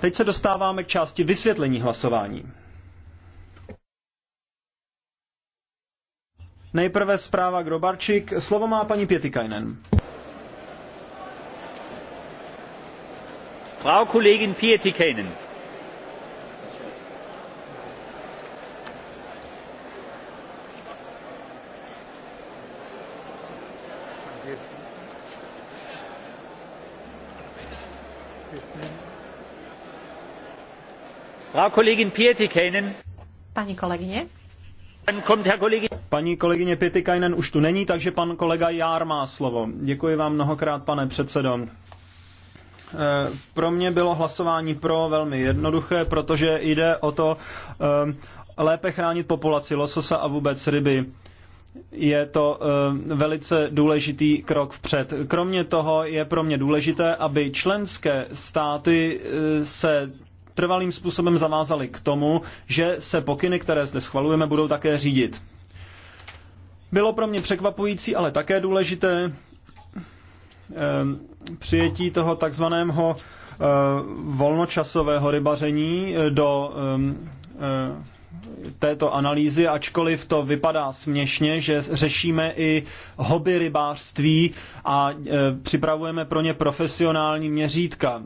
Teď se dostáváme k části vysvětlení hlasování. Nejprve zpráva Grobarčík. Slovo má paní Pietikainen. Frau Kollegin Pietikainen. Paní kolegyně. Paní kolegyně Pietikainen už tu není, takže pan kolega Jár má slovo. Děkuji vám mnohokrát, pane předsedo. E, pro mě bylo hlasování pro velmi jednoduché, protože jde o to e, lépe chránit populaci lososa a vůbec ryby je to e, velice důležitý krok vpřed. Kromě toho je pro mě důležité, aby členské státy se trvalým způsobem zavázali k tomu, že se pokyny, které zde schvalujeme, budou také řídit. Bylo pro mě překvapující, ale také důležité eh, přijetí toho takzvaného eh, volnočasového rybaření eh, do této analýzy, ačkoliv to vypadá směšně, že řešíme i hobby rybářství a připravujeme pro ně profesionální měřítka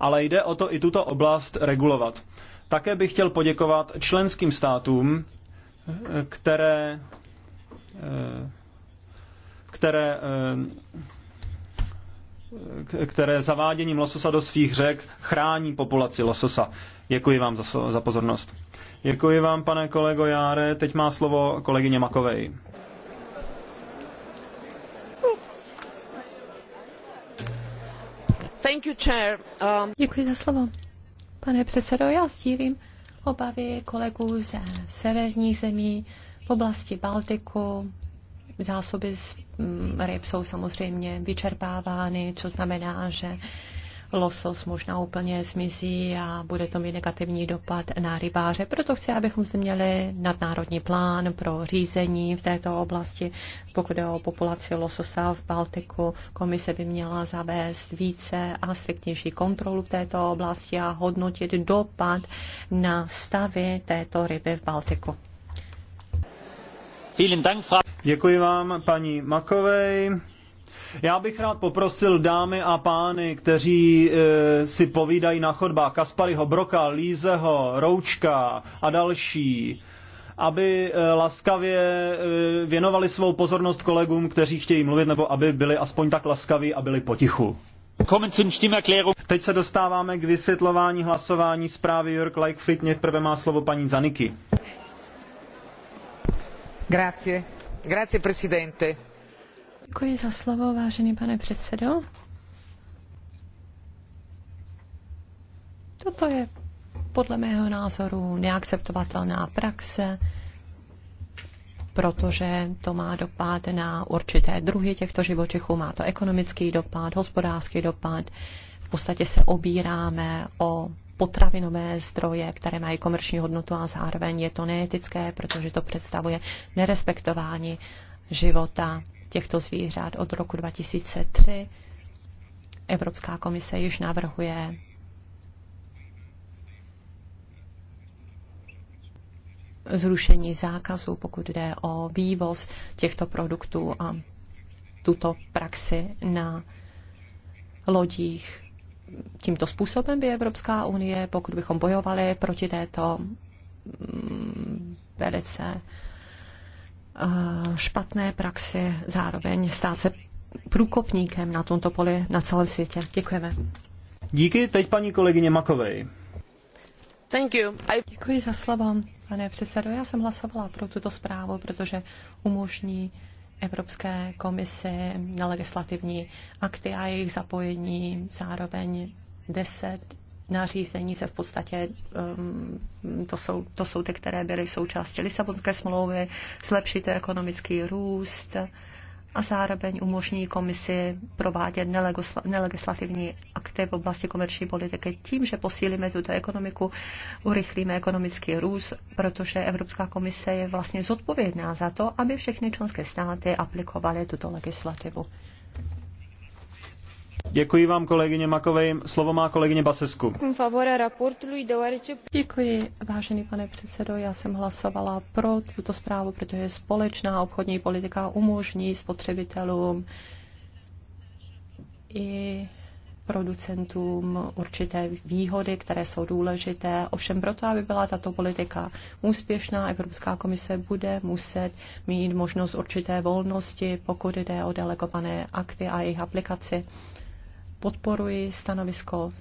ale jde o to i tuto oblast regulovat. Také bych chtěl poděkovat členským státům, které, eh, které eh, které zaváděním lososa do svých řek chrání populaci lososa. Děkuji vám za, za pozornost. Děkuji vám, pane kolego Járe. Teď má slovo kolegyně Makovej. Um, Děkuji za slovo. Pane předsedo, já sdílím obavy kolegů ze severních zemí v oblasti Baltiku. Zásoby mm, ryb jsou samozřejmě vyčerpávány, což znamená, že losos možná úplně zmizí a bude to mít negativní dopad na rybáře. Proto chci, abychom zde měli nadnárodní plán pro řízení v této oblasti. Pokud je o populaci lososa v Baltiku, komise by měla zavést více a striktnější kontrolu v této oblasti a hodnotit dopad na stavy této ryby v Baltiku. Děkuji vám, paní Makovej. Já bych rád poprosil dámy a pány, kteří e, si povídají na chodbách Kaspariho Broka, Lízeho, Roučka a další, aby eh, laskavě eh, věnovali svou pozornost kolegům, kteří chtějí mluvit, nebo aby byli aspoň tak laskaví a byli potichu. Teď se dostáváme k vysvětlování hlasování zprávy Jörg Leichfried. Nejprve má slovo paní Zaniky. Grazie. Grazie, presidente. Děkuji za slovo, vážený pane předsedo. Toto je podle mého názoru neakceptovatelná praxe, protože to má dopad na určité druhy těchto živočichů, má to ekonomický dopad, hospodářský dopad. V podstatě se obíráme o potravinové zdroje, které mají komerční hodnotu a zároveň je to neetické, protože to představuje nerespektování života těchto zvířat od roku 2003. Evropská komise již navrhuje zrušení zákazu, pokud jde o vývoz těchto produktů a tuto praxi na lodích. Tímto způsobem by Evropská unie, pokud bychom bojovali proti této mm, velice špatné praxi, zároveň stát se průkopníkem na tomto poli na celém světě. Děkujeme. Díky, teď paní kolegyně Makovej. Thank you. I... Děkuji za slovo, pane předsedo. Já jsem hlasovala pro tuto zprávu, protože umožní Evropské komisi na legislativní akty a jejich zapojení zároveň 10 nařízení se v podstatě, um, to, jsou, to jsou ty, které byly součástí Lisabonské smlouvy, zlepšit ekonomický růst a zároveň umožní komisi provádět nelegislativní akty v oblasti komerční politiky tím, že posílíme tuto ekonomiku, urychlíme ekonomický růst, protože Evropská komise je vlastně zodpovědná za to, aby všechny členské státy aplikovaly tuto legislativu. Děkuji vám, kolegyně Makovej. Slovo má kolegyně Basesku. Děkuji, vážený pane předsedo. Já jsem hlasovala pro tuto zprávu, protože společná obchodní politika umožní spotřebitelům i producentům určité výhody, které jsou důležité. Ovšem proto, aby byla tato politika úspěšná, Evropská komise bude muset mít možnost určité volnosti, pokud jde o delegované akty a jejich aplikaci podporuji stanovisko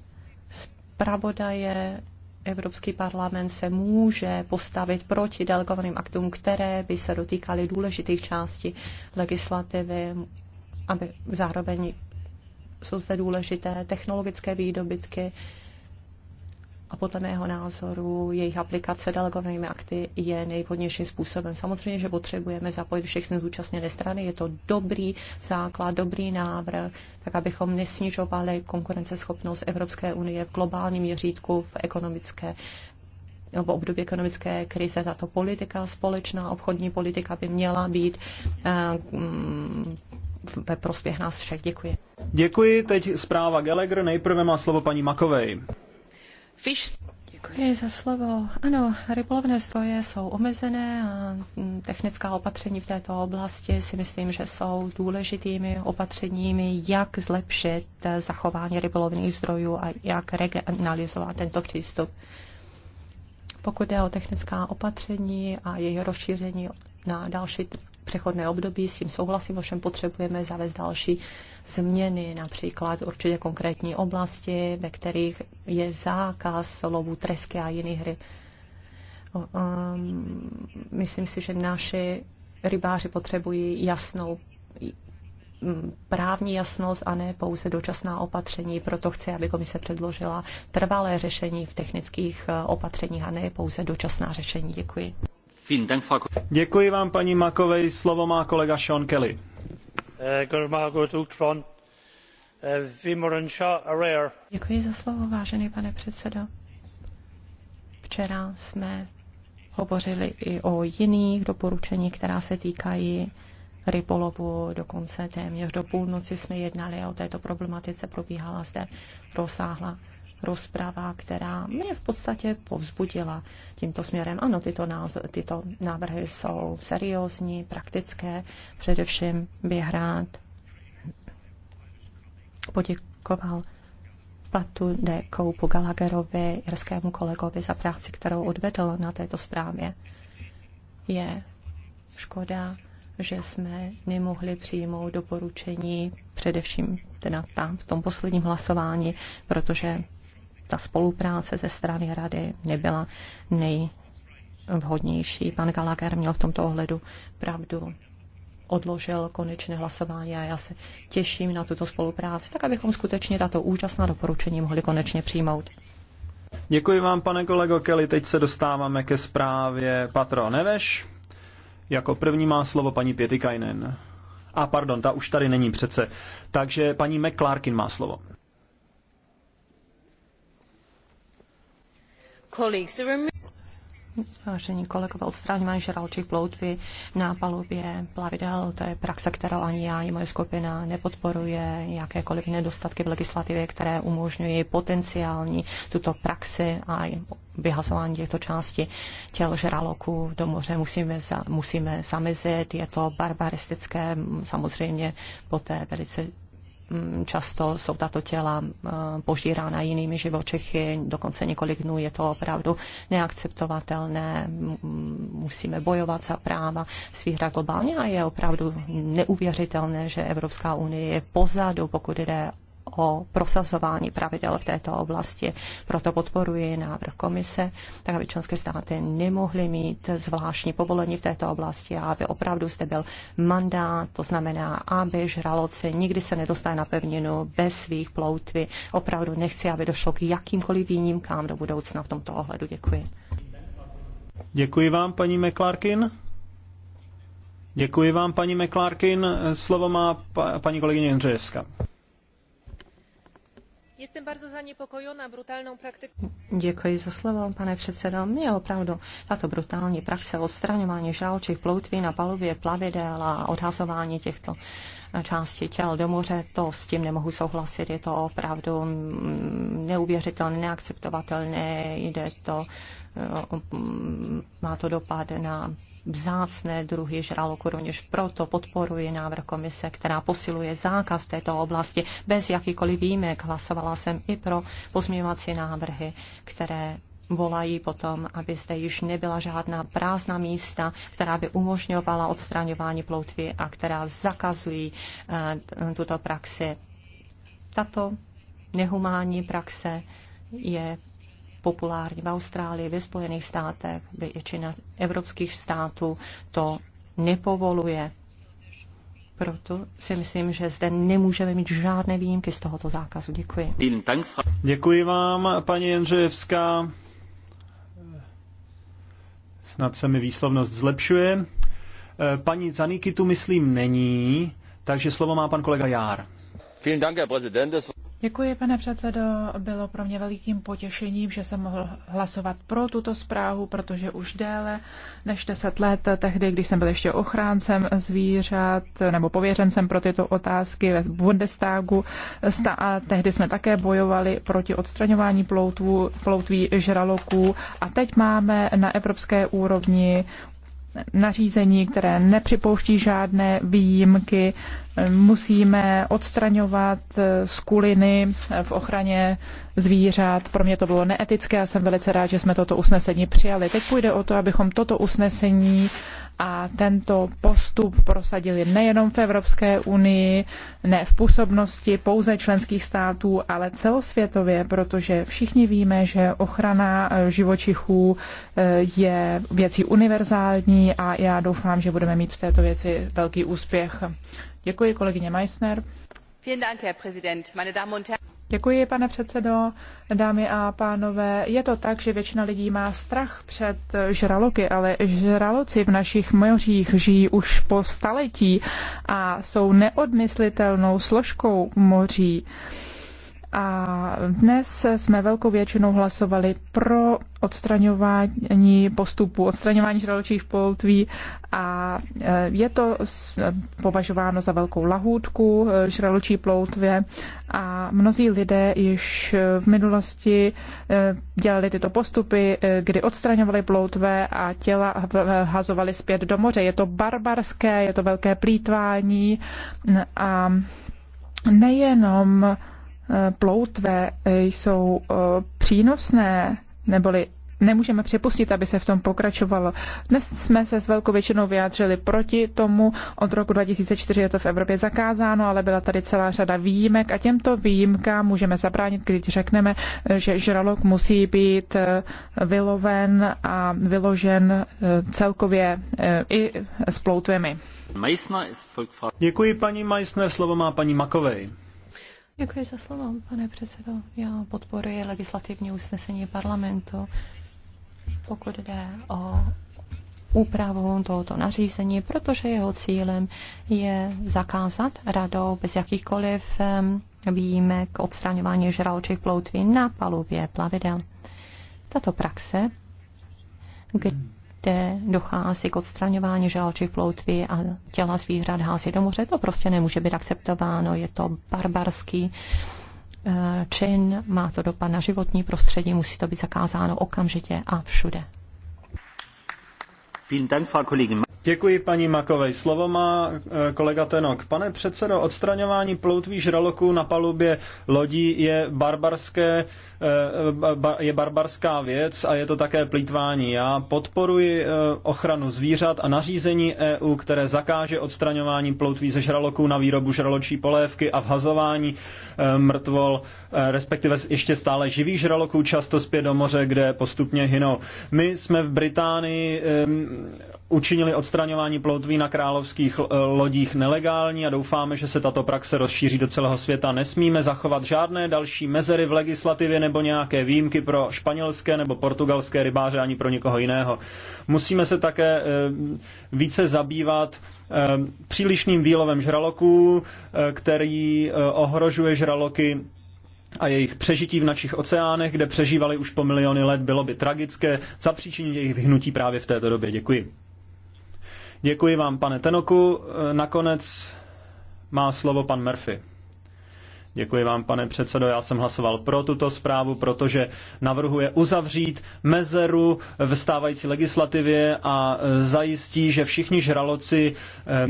zpravodaje. Evropský parlament se může postavit proti delegovaným aktům, které by se dotýkaly důležitých částí legislativy, aby zároveň jsou zde důležité technologické výdobytky, a podle mého názoru jejich aplikace delegovanými akty je nejvhodnějším způsobem. Samozřejmě, že potřebujeme zapojit všechny zúčastněné strany. Je to dobrý základ, dobrý návrh, tak abychom nesnižovali konkurenceschopnost Evropské unie v globálním měřítku v ekonomické nebo období ekonomické krize tato politika, společná obchodní politika by měla být eh, mm, ve prospěch nás všech. Děkuji. Děkuji. Teď zpráva Gallagher. Nejprve má slovo paní Makovej. Děkuji za slovo. Ano, rybolovné zdroje jsou omezené a mm, technická opatření v této oblasti si myslím, že jsou důležitými opatřeními, jak zlepšit eh, zachování rybolovných zdrojů a jak regionalizovat tento přístup. Pokud jde o technická opatření a její rozšíření na další přechodné období, s tím souhlasím, ovšem potřebujeme zavést další změny, například určitě konkrétní oblasti, ve kterých je zákaz lovu tresky a jiných ryb. Um, myslím si, že naši rybáři potřebují jasnou mm, právní jasnost a ne pouze dočasná opatření. Proto chci, aby komise předložila trvalé řešení v technických eh, opatřeních a ne pouze dočasná řešení. Děkuji. Děkuji vám, paní Makovej. Slovo má kolega Sean Kelly. Děkuji za slovo, vážený pane předsedající. Včera jsme hovořili i o jiných doporučeních, která se týkají rybolovu. Dokonce téměř do půlnoci jsme jednali o této problematice, probíhala zde rozsáhlá rozprava, která mě v podstatě povzbudila tímto směrem. Ano, tyto, náz- tyto návrhy jsou seriózní, praktické, především bych rád poděkoval Patu de Koupu Galagerovi, jirskému kolegovi, za práci, kterou odvedl na této zprávě. Je škoda, že jsme nemohli přijmout doporučení, především teda tam, v tom posledním hlasování, protože ta spolupráce ze strany rady nebyla nejvhodnější. Pan Gallagher měl v tomto ohledu pravdu odložil konečné hlasování a já se těším na tuto spolupráci, tak abychom skutečně tato úžasná doporučení mohli konečně přijmout. Děkuji vám, pane kolego Kelly. Teď se dostáváme ke zprávě Patro Neveš. Jako první má slovo paní Pětikajnen. A pardon, ta už tady není přece. Takže paní McClarkin má slovo. Vážení kolegové, odstraňování žraločích ploutví na palubě plavidel, to je praxe, kterou ani já, ani moje skupina nepodporuje, jakékoliv nedostatky v legislativě, které umožňují potenciální tuto praxi a vyhazování těchto části těl žraloků do moře musíme, za, musíme zamezit. Je to barbaristické, samozřejmě poté velice Mm, často jsou tato těla mm, požírána jinými živočichy, dokonce několik dnů je to opravdu neakceptovatelné, mm, musíme bojovat za práva svíhra globálně a je opravdu neuvěřitelné, že Evropská unie je pozadu, pokud jde o prosazování pravidel v této oblasti. Proto podporuji návrh komise, tak aby členské státy nemohly mít zvláštní povolení v této oblasti a aby opravdu zde byl mandát, to znamená, aby žraloci nikdy se nedostali na pevninu bez svých ploutvy. Opravdu nechci, aby došlo k jakýmkoliv výjimkám do budoucna v tomto ohledu. Děkuji. Děkuji vám, paní McClarkin. Děkuji vám, paní McClarkin. Slovo má pa, paní kolegyně Jindřejevská. Jsem bardzo zaniepokojona brutalną praktyką. Děkuji za slovo, pane předsedo. Mě opravdu tato brutální praxe odstraňování žraločích ploutví na palubě plavidel a odhazování těchto části těl do moře, to s tím nemohu souhlasit, je to opravdu mm, neuvěřitelné, neakceptovatelné, jde to, mm, má to dopad na vzácné druhy žraloku. Rovněž proto podporuji návrh komise, která posiluje zákaz této oblasti bez jakýkoliv výjimek. Hlasovala jsem i pro pozměňovací návrhy, které volají potom, aby zde již nebyla žádná prázdná místa, která by umožňovala odstraňování ploutvy a která zakazují eh, tuto praxi. Tato nehumánní praxe je populární v Austrálii, ve Spojených státech, většina evropských států to nepovoluje. Proto si myslím, že zde nemůžeme mít žádné výjimky z tohoto zákazu. Děkuji. Děkuji vám, paní Jendřejevská. Snad se mi výslovnost zlepšuje. Eh, paní Zaniky tu, myslím, není, takže slovo má pan kolega Jár. Děkuji, pane předsedo. Bylo pro mě velikým potěšením, že jsem mohl hlasovat pro tuto zprávu, protože už déle než 10 let, tehdy, když jsem byl ještě ochráncem zvířat nebo pověřencem pro tyto otázky ve Bundestagu, a tehdy jsme také bojovali proti odstraňování ploutvů, ploutví žraloků a teď máme na evropské úrovni nařízení, které nepřipouští žádné výjimky musíme odstraňovat skuliny v ochraně zvířat. Pro mě to bylo neetické a jsem velice rád, že jsme toto usnesení přijali. Teď půjde o to, abychom toto usnesení a tento postup prosadili nejenom v Evropské unii, ne v působnosti pouze členských států, ale celosvětově, protože všichni víme, že ochrana živočichů eh, je věcí univerzální a já doufám, že budeme mít v této věci velký úspěch. Děkuji, kolegyně Meissner. Děkuji, pane předsedo, dámy a pánové. Je to tak, že většina lidí má strach před žraloky, ale žraloci v našich mořích žijí už po staletí a jsou neodmyslitelnou složkou moří. A dnes jsme velkou většinou hlasovali pro odstraňování postupů, odstraňování žraločích poltví a e, je to e, považováno za velkou lahůdku e, žraločí ploutvě a mnozí lidé již v minulosti dělali tyto postupy, kdy odstraňovali ploutve a těla hazovali zpět do moře. Je to barbarské, je to velké plítvání a nejenom Eh, ploutve eh, jsou eh, přínosné, neboli nemůžeme připustit, aby se v tom pokračovalo. Dnes jsme se s velkou většinou vyjádřili proti tomu. Od roku 2004 je to v Evropě zakázáno, ale byla tady celá řada výjimek a těmto výjimkám můžeme zabránit, když řekneme, že žralok musí být vyloven a vyložen celkově i s ploutvemi. Děkuji paní Meissner, slovo má paní Makovej. Děkuji za slovo, pane předsedo. Já podporuji legislativní usnesení parlamentu, pokud jde o úpravu tohoto nařízení, protože jeho cílem je zakázat radou bez jakýchkoliv výjimek odstraňování žraločích ploutví na palubě plavidel. Tato praxe, kdy kde dochází k odstraňování žalčí ploutvy a těla zvířat hází do moře. To prostě nemůže být akceptováno, je to barbarský eh, čin, má to dopad na životní prostředí, musí to být zakázáno okamžitě a všude. Děkuji paní Makovej. Slovo má eh, kolega Tenok. Pane předsedo, odstraňování ploutví žraloků na palubě lodí je barbarské Eh, je barbarská věc a je to také plítvání. Já podporuji eh, ochranu zvířat a nařízení EU, které zakáže odstraňování ploutví ze žraloků na výrobu žraločí polévky a vhazování eh, mrtvol, respektive ještě stále živých žraloků, často zpět do moře, kde postupně hynou. My jsme v Británii učinili odstraňování ploutví na královských lodích nelegální a doufáme, že se tato praxe rozšíří do celého světa. Nesmíme zachovat žádné další mezery v legislativě nebo nějaké výjimky pro španělské nebo portugalské rybáře ani pro nikoho jiného. Musíme se také eh, více zabývat eh, přílišným výlovem žraloků, eh, který ohrožuje žraloky a jejich přežití v našich oceánech, kde přežívali už po miliony let, bylo by tragické zapříčinit jejich vyhnutí právě v této době. Děkuji. Děkuji vám, pane Tenoku. Nakonec má slovo pan Murphy. Děkuji vám, pane předsedo. Já jsem hlasoval pro tuto zprávu, protože navrhuje uzavřít mezeru v stávající legislativě a e, zajistí, že všichni žraloci e, e,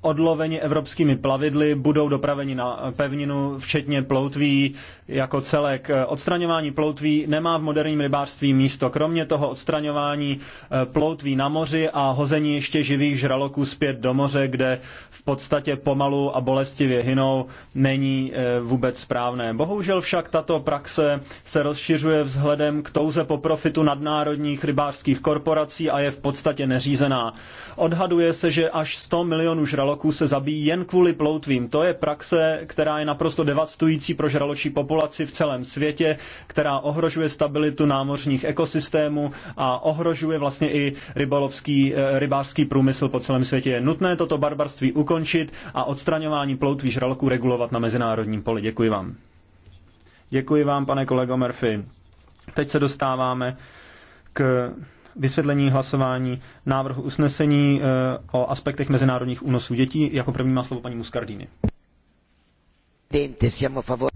odloveni evropskými plavidly budou dopraveni na pevninu, včetně ploutví jako celek. Odstraňování ploutví nemá v moderním rybářství místo. Kromě toho odstraňování ploutví na moři a hození ještě živých žraloků zpět do moře, kde v podstatě pomalu a bolestivě hynou, není Eh, vůbec správné. Bohužel však tato praxe se rozšiřuje vzhledem k touze po profitu nadnárodních rybářských korporací a je v podstatě neřízená. Odhaduje se, že až 100 milionů žraloků se zabíjí jen kvůli ploutvím. To je praxe, která je naprosto devastující pro žraločí populaci v celém světě, která ohrožuje stabilitu námořních ekosystémů a ohrožuje vlastně i rybolovský, eh, rybářský průmysl po celém světě. Je nutné toto barbarství ukončit a odstraňování ploutví žraloků regulovat na mezinárodní mezinárodním poli. Děkuji vám. Děkuji vám, pane kolego Murphy. Teď se dostáváme k vysvětlení hlasování návrhu usnesení eh, o aspektech mezinárodních únosů dětí. Jako první má slovo paní Muscardini.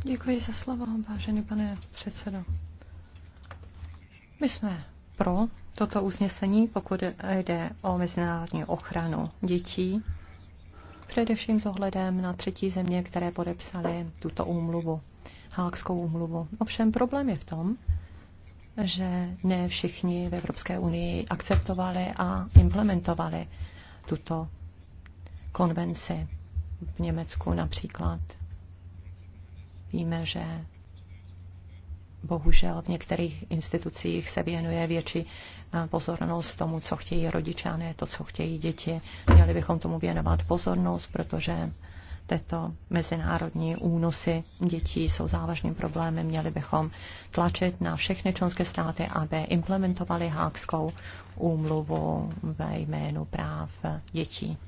Děkuji za slovo, vážený pane předsedo. My jsme pro toto usnesení, pokud jde o mezinárodní ochranu dětí především s ohledem na třetí země, které podepsaly tuto úmluvu, Hákskou úmluvu. Ovšem problém je v tom, že ne všichni v Evropské unii akceptovali a implementovali tuto konvenci. V Německu například víme, že bohužel v některých institucích se věnuje větší pozornost tomu, co chtějí rodiče a ne to, co chtějí děti. Měli bychom tomu věnovat pozornost, protože této mezinárodní únosy dětí jsou závažným problémem. Měli bychom tlačit na všechny členské státy, aby implementovali hákskou úmluvu ve jménu práv dětí.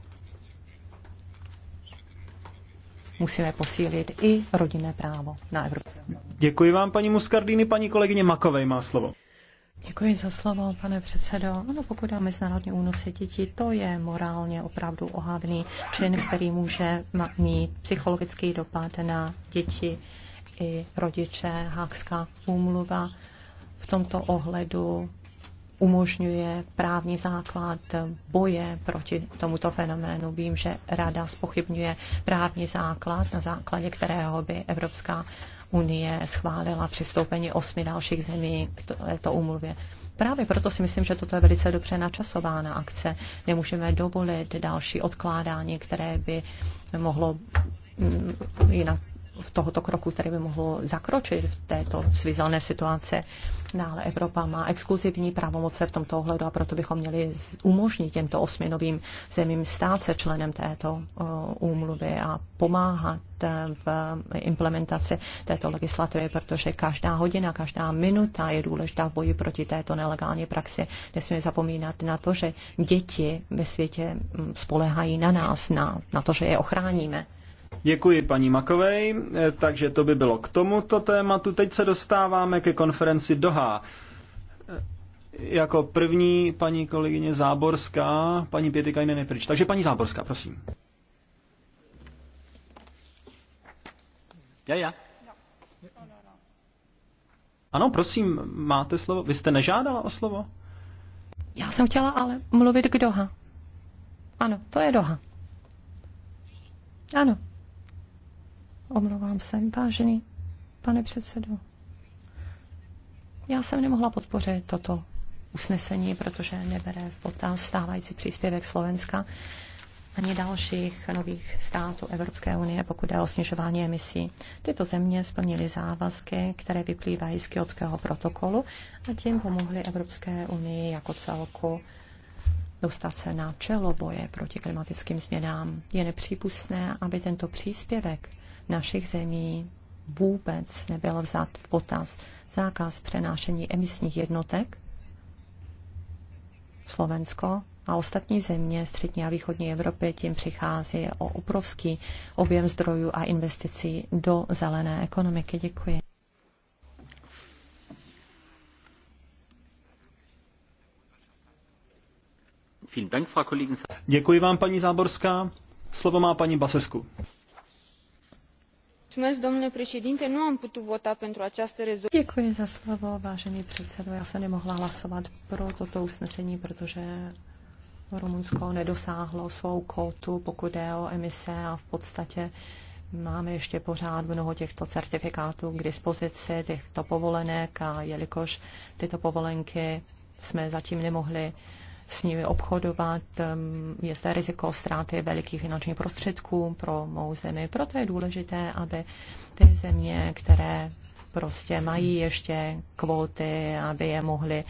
Musíme posílit i rodinné právo na Evropě. Děkuji vám, paní Muscardini. Paní kolegyně Makovej má slovo. Děkuji za slovo, pane předsedo. Ano, pokud o mezinárodní únosy dětí, to je morálně opravdu ohavný čin, který může mít psychologický dopad na děti i rodiče. Hákská úmluva v tomto ohledu umožňuje právní základ boje proti tomuto fenoménu. Vím, že Rada spochybňuje právní základ, na základě kterého by Evropská unie schválila přistoupení osmi dalších zemí k této umluvě. Právě proto si myslím, že toto je velice dobře načasována akce. Nemůžeme dovolit další odkládání, které by mohlo mm, jinak v tohoto kroku, který by mohl zakročit v této svizelné situace. Dále no, Evropa má exkluzivní pravomoce v tomto ohledu a proto bychom měli umožnit těmto osmi novým zemím stát se členem této uh, úmluvy a pomáhat uh, v implementaci této legislativy, protože každá hodina, každá minuta je důležitá v boji proti této nelegální praxi. Nesmíme zapomínat na to, že děti ve světě mm, spolehají na nás, na, na to, že je ochráníme. Děkuji paní Makovej, eh, takže to by bylo k tomuto tématu. Teď se dostáváme ke konferenci Doha. Eh, jako první paní kolegyně Záborská, paní Pětikajnen je pryč. Takže paní Záborská, prosím. Já, já. Ano, prosím, máte slovo. Vy jste nežádala o slovo? Já jsem chtěla ale mluvit k Doha. Ano, to je Doha. Ano, Omlouvám se, vážený pane předsedo. Já jsem nemohla podpořit toto usnesení, protože nebere v potaz stávající příspěvek Slovenska ani dalších nových států Evropské unie, pokud je o snižování emisí. Tyto země splnily závazky, které vyplývají z Kyotského protokolu a tím pomohly Evropské unii jako celku dostat se na čelo boje proti klimatickým změnám. Je nepřípustné, aby tento příspěvek našich zemí vůbec nebyl vzat v potaz zákaz přenášení emisních jednotek. Slovensko a ostatní země střední a východní Evropy tím přichází o obrovský objem zdrojů a investicí do zelené ekonomiky. Děkuji. Děkuji vám, paní Záborská. Slovo má paní Basesku nu am putut vota pentru această rezoluție. Děkuji za slovo, vážený předsedo. Já nemohla hlasovat pro toto usnesení, protože Rumunsko nedosáhlo svou kótu, pokud jde o emise a v podstatě máme ještě pořád mnoho těchto certifikátů k dispozici, těchto povolenek a jelikož tyto povolenky jsme zatím nemohli s nimi obchodovat. Ehm, je zde riziko ztráty velikých finančních prostředků pro mou zemi. Proto je důležité, aby ty země, které prostě mají ještě kvóty, aby je mohly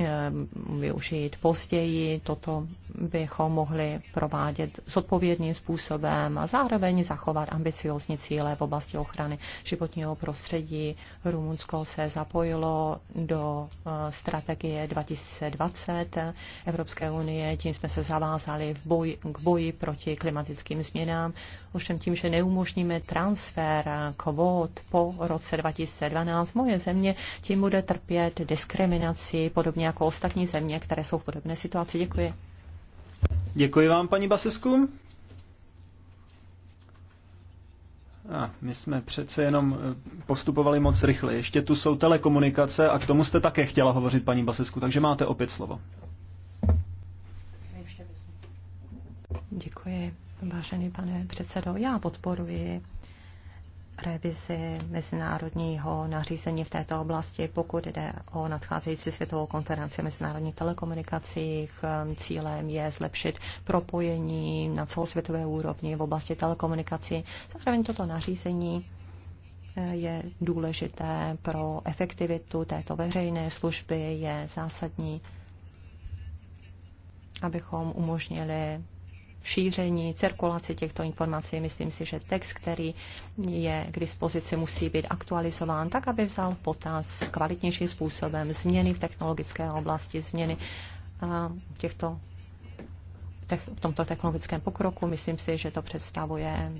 Ehm, využít později. Toto bychom mohli provádět s odpovědným způsobem a zároveň zachovat ambiciozní cíle v oblasti ochrany životního prostředí. Rumunsko se zapojilo do eh, strategie 2020 Evropské unie, tím jsme se zavázali v boj, k boji proti klimatickým změnám. Ovšem tím, že neumožníme transfer kvót po roce 2012, moje země tím bude trpět diskriminaci, podobně jako ostatní země, které jsou v podobné situaci. Děkuji. Děkuji vám, paní Basesku. A my jsme přece jenom eh, postupovali moc rychle. Ještě tu jsou telekomunikace a k tomu jste také chtěla hovořit, paní Basesku, takže máte opět slovo. Děkuji, vážený pane předsedo. Já podporuji revizi mezinárodního nařízení v této oblasti, pokud jde o nadcházející světovou konferenci mezinárodních telekomunikacích. Cílem je zlepšit propojení na celosvětové úrovni v oblasti telekomunikací. Zároveň toto nařízení eh, je důležité pro efektivitu této veřejné služby, je zásadní, abychom umožnili šíření, cirkulaci těchto informací. Myslím si, že text, který je k dispozici, musí být aktualizován tak, aby vzal v potaz kvalitnějším způsobem změny v technologické oblasti, změny těchto v tomto technologickém pokroku. Myslím si, že to představuje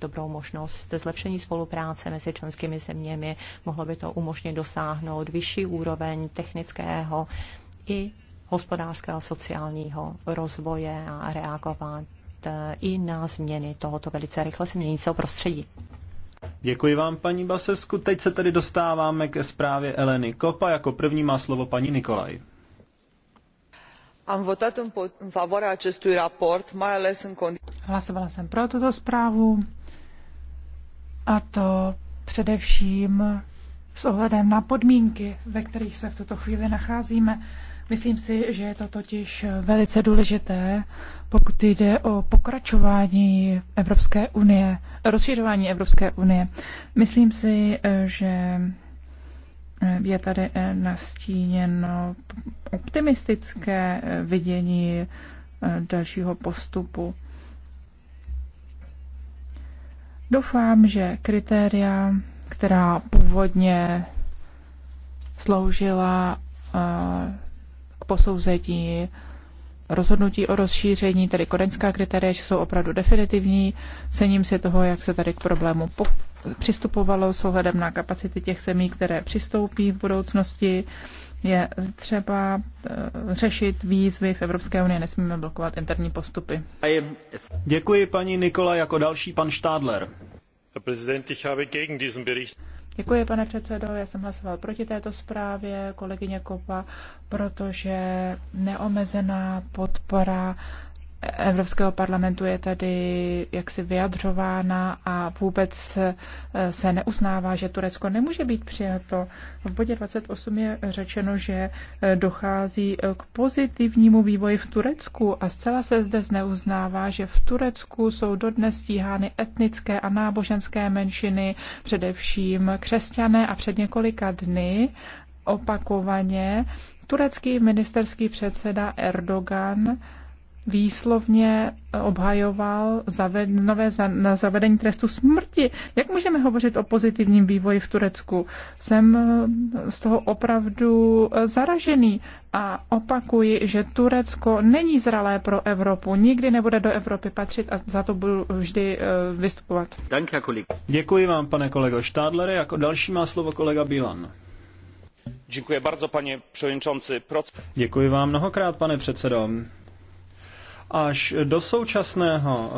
dobrou možnost zlepšení spolupráce mezi členskými zeměmi. Mohlo by to umožnit dosáhnout vyšší úroveň technického i hospodářského a sociálního rozvoje a reagovat eh, i na změny tohoto velice rychle se měnícího prostředí. Děkuji vám, paní Basesku. Teď se tedy dostáváme ke zprávě Eleny Kopa. Jako první má slovo paní Nikolaj. Am votat în favoarea acestui raport, mai ales în condiții... Hlasovala jsem pro tuto zprávu a to především s ohledem na podmínky, ve kterých se v tuto chvíli nacházíme. Myslím si, že je to totiž velice důležité, pokud jde o pokračování Evropské unie, rozšiřování Evropské unie. Myslím si, že je tady nastíněno optimistické vidění dalšího postupu. Doufám, že kritéria, která původně sloužila eh, posouzení rozhodnutí o rozšíření, tedy kodaňská kritéria, že jsou opravdu definitivní. Cením si toho, jak se tady k problému přistupovalo s ohledem na kapacity těch zemí, které přistoupí v budoucnosti. Je třeba eh, řešit výzvy v Evropské unii, nesmíme blokovat interní postupy. Děkuji paní Nikola, jako další pan Štádler. Děkuji, pane předsedo. Já jsem hlasoval proti této zprávě kolegyně Kopa, protože neomezená podpora Evropského parlamentu je tady jaksi vyjadřována a vůbec eh, se neuznává, že Turecko nemůže být přijato. V bodě 28 je řečeno, že eh, dochází eh, k pozitivnímu vývoji v Turecku a zcela se zde zneuznává, že v Turecku jsou dodnes stíhány etnické a náboženské menšiny, především křesťané a před několika dny opakovaně turecký ministerský předseda Erdogan výslovně obhajoval zaved, nové za, na zavedení trestu smrti. Jak můžeme hovořit o pozitivním vývoji v Turecku? Jsem eh, z toho opravdu eh, zaražený a opakuji, že Turecko není zralé pro Evropu. Nikdy nebude do Evropy patřit a za to budu vždy eh, vystupovat. Děkuji vám, pane kolego Štádlere. Jako další má slovo kolega Bilan. Děkuji bardzo, pane Děkuji vám mnohokrát, pane předsedo. Až do, současného,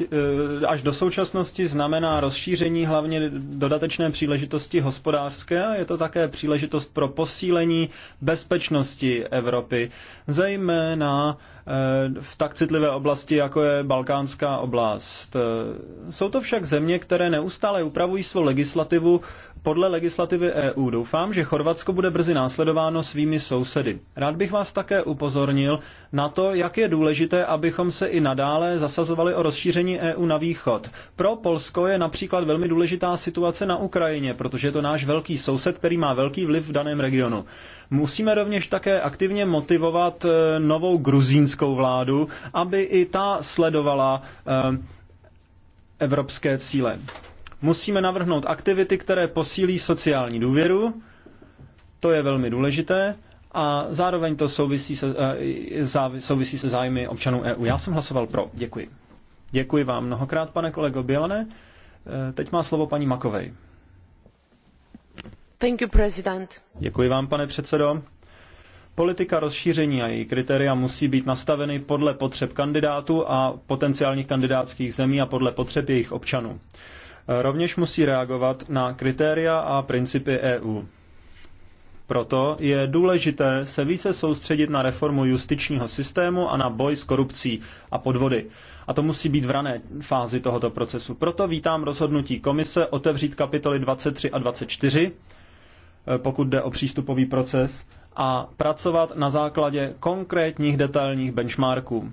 eh, až do současnosti znamená rozšíření hlavně dodatečné příležitosti hospodářské a je to také příležitost pro posílení bezpečnosti Evropy, zejména Eh, v tak citlivé oblasti, jako je Balkánská oblast. Eh, jsou to však země, které neustále upravují svou legislativu podle legislativy EU. Doufám, že Chorvatsko bude brzy následováno svými sousedy. Rád bych vás také upozornil na to, jak je důležité, abychom se i nadále zasazovali o rozšíření EU na východ. Pro Polsko je například velmi důležitá situace na Ukrajině, protože je to náš velký soused, který má velký vliv v daném regionu. Musíme rovněž také aktivně motivovat eh, novou gruzínskou americkou vládu, aby i ta sledovala eh, evropské cíle. Musíme navrhnout aktivity, které posílí sociální důvěru, to je velmi důležité, a zároveň to souvisí se, eh, souvisí se zájmy občanů EU. Já jsem hlasoval pro. Děkuji. Děkuji vám mnohokrát, pane kolego Bělane. Eh, teď má slovo paní Makovej. Thank you, president. Děkuji vám, pane předsedo. Politika rozšíření a její kritéria musí být nastaveny podle potřeb kandidátů a potenciálních kandidátských zemí a podle potřeb jejich občanů. Rovněž musí reagovat na kritéria a principy EU. Proto je důležité se více soustředit na reformu justičního systému a na boj s korupcí a podvody. A to musí být v rané fázi tohoto procesu. Proto vítám rozhodnutí komise otevřít kapitoly 23 a 24, eh, pokud jde o přístupový proces, a pracovat na základě konkrétních detailních benchmarků.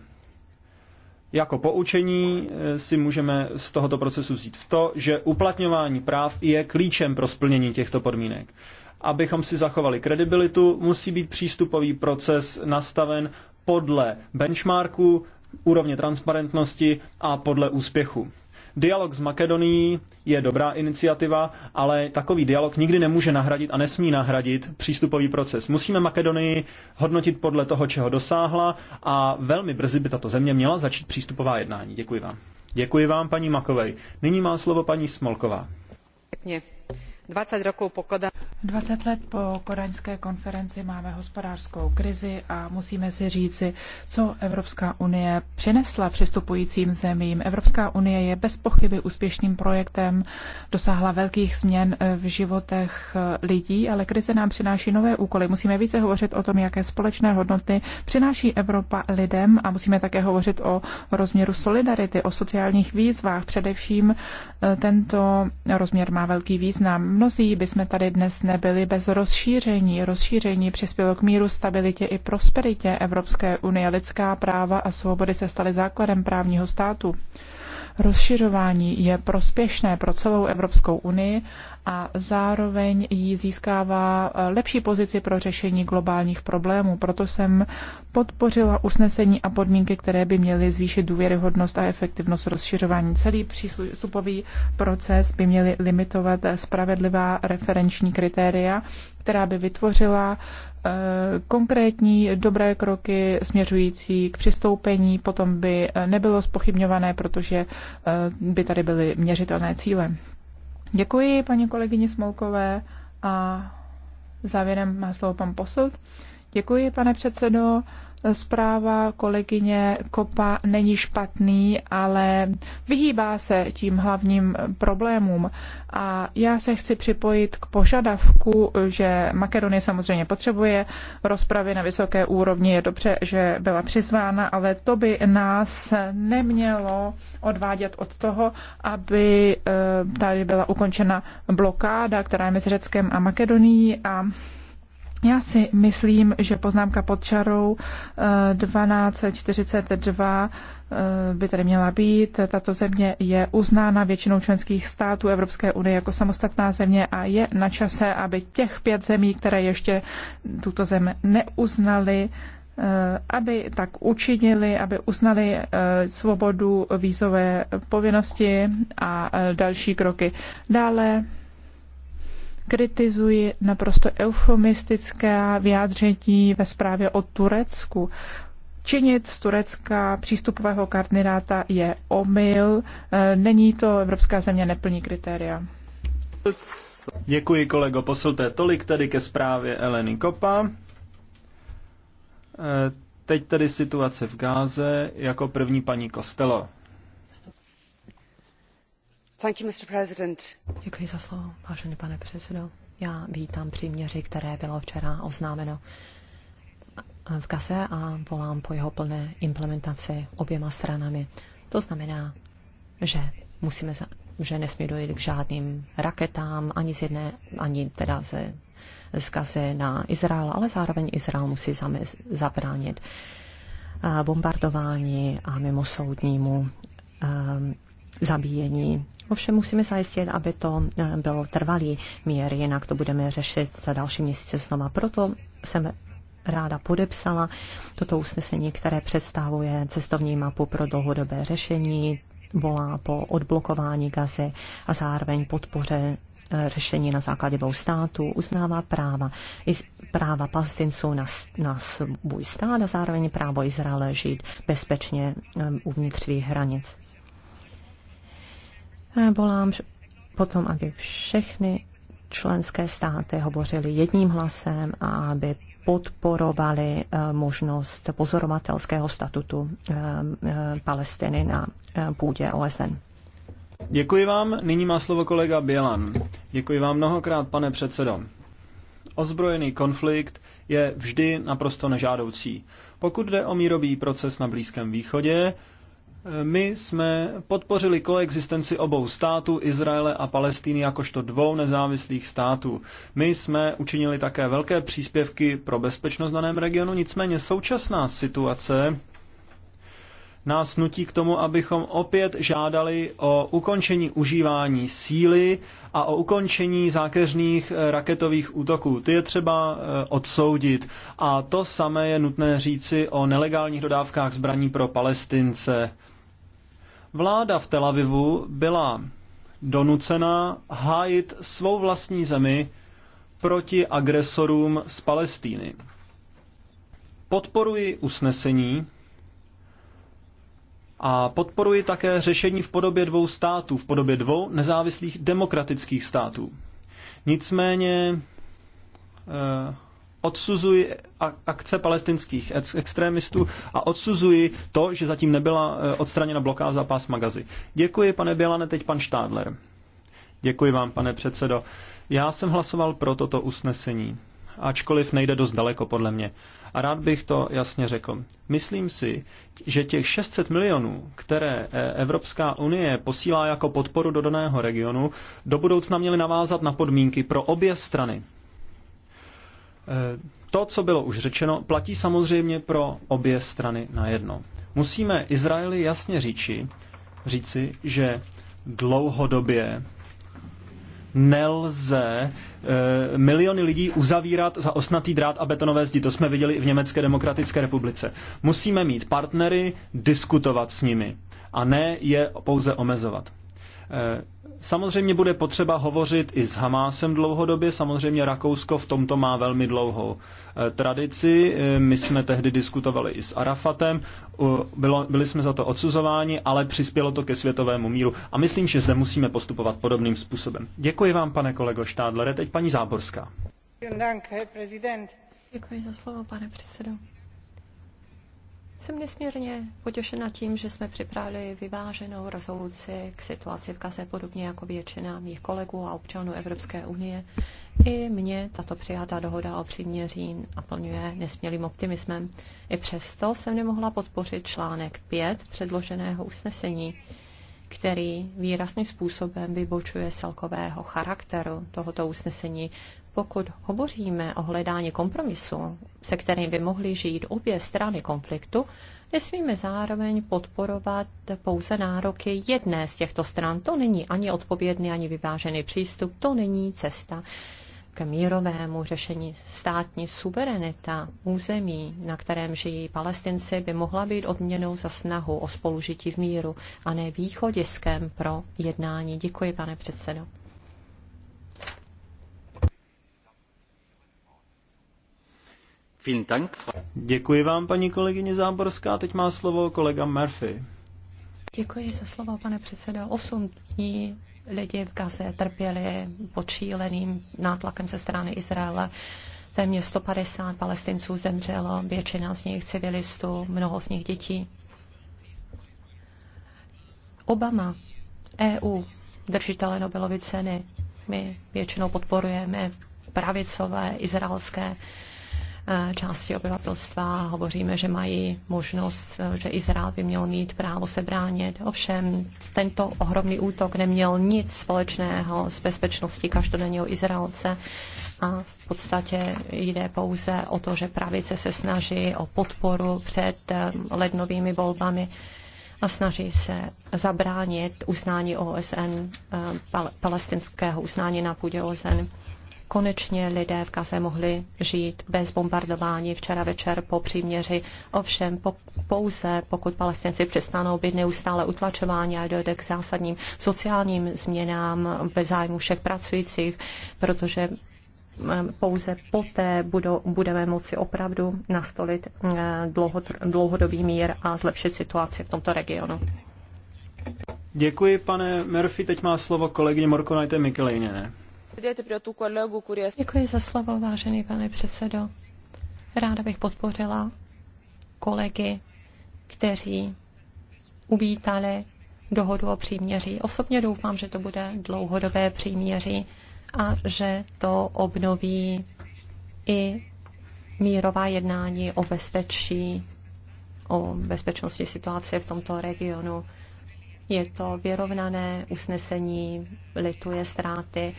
Jako poučení eh, si můžeme z tohoto procesu vzít v to, že uplatňování práv je klíčem pro splnění těchto podmínek. Abychom si zachovali kredibilitu, musí být přístupový proces nastaven podle benchmarku, úrovně transparentnosti a podle úspěchu. Dialog s Makedonií je dobrá iniciativa, ale takový dialog nikdy nemůže nahradit a nesmí nahradit přístupový proces. Musíme Makedonii hodnotit podle toho, čeho dosáhla a velmi brzy by tato země měla začít přístupová jednání. Děkuji vám. Děkuji vám, paní Makovej. Nyní má slovo paní Smolková. Pěkně. 20 rokov pokladám. 20 let po kodaňské konferenci máme hospodářskou krizi a musíme si říci, co Evropská unie přinesla přistupujícím zemím. Evropská unie je bez pochyby úspěšným projektem, dosáhla velkých změn v životech lidí, ale krize nám přináší nové úkoly. Musíme více hovořit o tom, jaké společné hodnoty přináší Evropa lidem a musíme také hovořit o rozměru solidarity, o sociálních výzvách. Především eh, tento rozměr má velký význam. Mnozí by jsme tady dnes nebyly bez rozšíření. Rozšíření přispělo k míru, stabilitě i prosperitě Evropské unie. Lidská práva a svobody se staly základem právního státu. Rozšiřování je prospěšné pro celou Evropskou unii a zároveň jí získává eh, lepší pozici pro řešení globálních problémů. Proto jsem podpořila usnesení a podmínky, které by měly zvýšit důvěryhodnost a efektivnost rozšiřování. Celý přístupový proces by měly limitovat spravedlivá referenční kritéria, která by vytvořila eh, konkrétní dobré kroky směřující k přistoupení, potom by eh, nebylo spochybňované, protože by tady byly měřitelné cíle. Děkuji paní kolegyni Smolkové a závěrem má slovo pan posud. Děkuji, pane předsedo. Zpráva kolegyně Kopa není špatný, ale vyhýbá se tím hlavním problémům. A já se chci připojit k požadavku, že Makedonie samozřejmě potřebuje rozpravy na vysoké úrovni. Je dobře, že byla přizvána, ale to by nás nemělo odvádět od toho, aby eh, tady byla ukončena blokáda, která je mezi Řeckem a Makedonií a já si myslím, že poznámka pod čarou 1242 eh, eh, by tady měla být. Tato země je uznána většinou členských států Evropské unie jako samostatná země a je na čase, aby těch pět zemí, které ještě tuto zem neuznali, eh, aby tak učinili, aby uznali svobodu vízové povinnosti a další kroky. Dále kritizuji naprosto eufemistické vyjádření ve zprávě o Turecku. Činit z Turecka přístupového kandidáta je omyl. Eh, není to, Evropská země neplní kritéria. Děkuji, kolego Posilte Tolik tedy ke zprávě Eleny Kopa. Eh, teď tedy situace v Gáze jako první paní Kostelo. Děkuji za slovo, vážený pane předsedo. Já vítám příměři, které bylo včera oznámeno v Gaze a volám po jeho plné implementaci oběma stranami. To znamená, že musíme, za, že nesmí dojít k žádným raketám ani z jedné, ani teda ze zkazy na Izrael, ale zároveň Izrael musí zamez, zabránit eh, bombardování a mimosoudnímu um, zabíjení. Ovšem musíme zajistit, aby to eh, byl trvalý mír, jinak to budeme řešit za další měsíce znova. Proto jsem ráda podepsala toto usnesení, které představuje cestovní mapu pro dlouhodobé řešení, volá po odblokování gazy a zároveň podpoře eh, řešení na základě dvou států, uznává práva, práva palestinců na, na svůj stát a zároveň právo Izraele žít bezpečně eh, uvnitř svých hranic. Volám potom, aby všechny členské státy hovořily jedním hlasem a aby podporovali eh, možnost pozorovatelského statutu eh, eh, Palestiny na půdě OSN. Děkuji vám. Nyní má slovo kolega Bělan. Děkuji vám mnohokrát, pane předsedo. Ozbrojený konflikt je vždy naprosto nežádoucí. Pokud jde o mírový proces na Blízkém východě, my jsme podpořili koexistenci obou států, Izraele a Palestíny, jakožto dvou nezávislých států. My jsme učinili také velké příspěvky pro bezpečnost v daném regionu, nicméně současná situace nás nutí k tomu, abychom opět žádali o ukončení užívání síly a o ukončení zákeřných eh, raketových útoků. Ty je třeba eh, odsoudit. A to samé je nutné říci o nelegálních dodávkách zbraní pro Palestince. Vláda v Tel Avivu byla donucena hájit svou vlastní zemi proti agresorům z Palestíny. Podporuji usnesení a podporuji také řešení v podobě dvou států, v podobě dvou nezávislých demokratických států. Nicméně eh, odsuzuji akce palestinských extremistů a odsuzuji to, že zatím nebyla eh, odstraněna blokáza pás magazy. Děkuji, pane Bělane, teď pan Štádler. Děkuji vám, pane předsedo. Já jsem hlasoval pro toto usnesení, ačkoliv nejde dost daleko podle mě. A rád bych to jasně řekl. Myslím si, že těch 600 milionů, které eh, Evropská unie posílá jako podporu do daného regionu, do budoucna měly navázat na podmínky pro obě strany. Eh, to, co bylo už řečeno, platí samozřejmě pro obě strany na jedno. Musíme Izraeli jasně říči, říci, že dlouhodobě nelze e, miliony lidí uzavírat za osnatý drát a betonové zdi. To jsme viděli i v Německé demokratické republice. Musíme mít partnery, diskutovat s nimi a ne je pouze omezovat. E, Samozřejmě bude potřeba hovořit i s Hamásem dlouhodobě, samozřejmě Rakousko v tomto má velmi dlouhou eh, tradici. Eh, my jsme tehdy diskutovali i s Arafatem, Bylo, byli jsme za to odsuzováni, ale přispělo to ke světovému míru a myslím, že zde musíme postupovat podobným způsobem. Děkuji vám, pane kolego Štádlere, teď paní Záborská. Děkuji za slovo, pane předsedo. Jsem nesmírně potěšena tím, že jsme připravili vyváženou rezoluci k situaci v Gaze, podobně jako většina mých kolegů a občanů Evropské unie. I mě tato přijatá dohoda o příměří naplňuje nesmělým optimismem. I přesto jsem nemohla podpořit článek 5 předloženého usnesení který výrazným způsobem vybočuje celkového charakteru tohoto usnesení. Pokud hovoříme o hledání kompromisu, se kterým by mohly žít obě strany konfliktu, nesmíme zároveň podporovat pouze nároky jedné z těchto stran. To není ani odpovědný, ani vyvážený přístup, to není cesta k mírovému řešení. Státní suverenita území, na kterém žijí palestinci, by mohla být odměnou za snahu o spolužití v míru a ne východiskem pro jednání. Děkuji, pane předsedo. Děkuji vám, paní kolegyně Záborská. Teď má slovo kolega Murphy. Děkuji za slovo, pane předsedo. Osm dní lidi v Gaze trpěli počíleným nátlakem ze strany Izraele. Téměř 150 palestinců zemřelo, většina z nich civilistů, mnoho z nich dětí. Obama, EU, držitele Nobelovy ceny, my většinou podporujeme pravicové izraelské Eh, části obyvatelstva. Hovoříme, že mají možnost, eh, že Izrael by měl mít právo se bránit. Ovšem, tento ohromný útok neměl nic společného s bezpečností každodenního Izraelce a v podstatě jde pouze o to, že pravice se snaží o podporu před eh, lednovými volbami a snaží se zabránit uznání OSN, palestinského uznání na půdě OSN konečně lidé v Gaze mohli žít bez bombardování včera večer po příměři. Ovšem po, pouze pokud palestinci přestanou být neustále utlačováni a dojde k zásadním sociálním změnám ve zájmu všech pracujících, protože eh, pouze poté budou, budeme moci opravdu nastolit eh, dlouho, dlouhodobý mír a zlepšit situaci v tomto regionu. Děkuji, pane Murphy. Teď má slovo kolegyně Morkonajte Mikelejně pane předsedo. Ráda bych podpořila kolegy, kteří uvítali dohodu o příměří. Osobně doufám, že to bude dlouhodobé příměří a že to obnoví i mírová jednání o bezpečí, o bezpečnosti situace v tomto regionu. Je to vyrovnané usnesení, lituje ztráty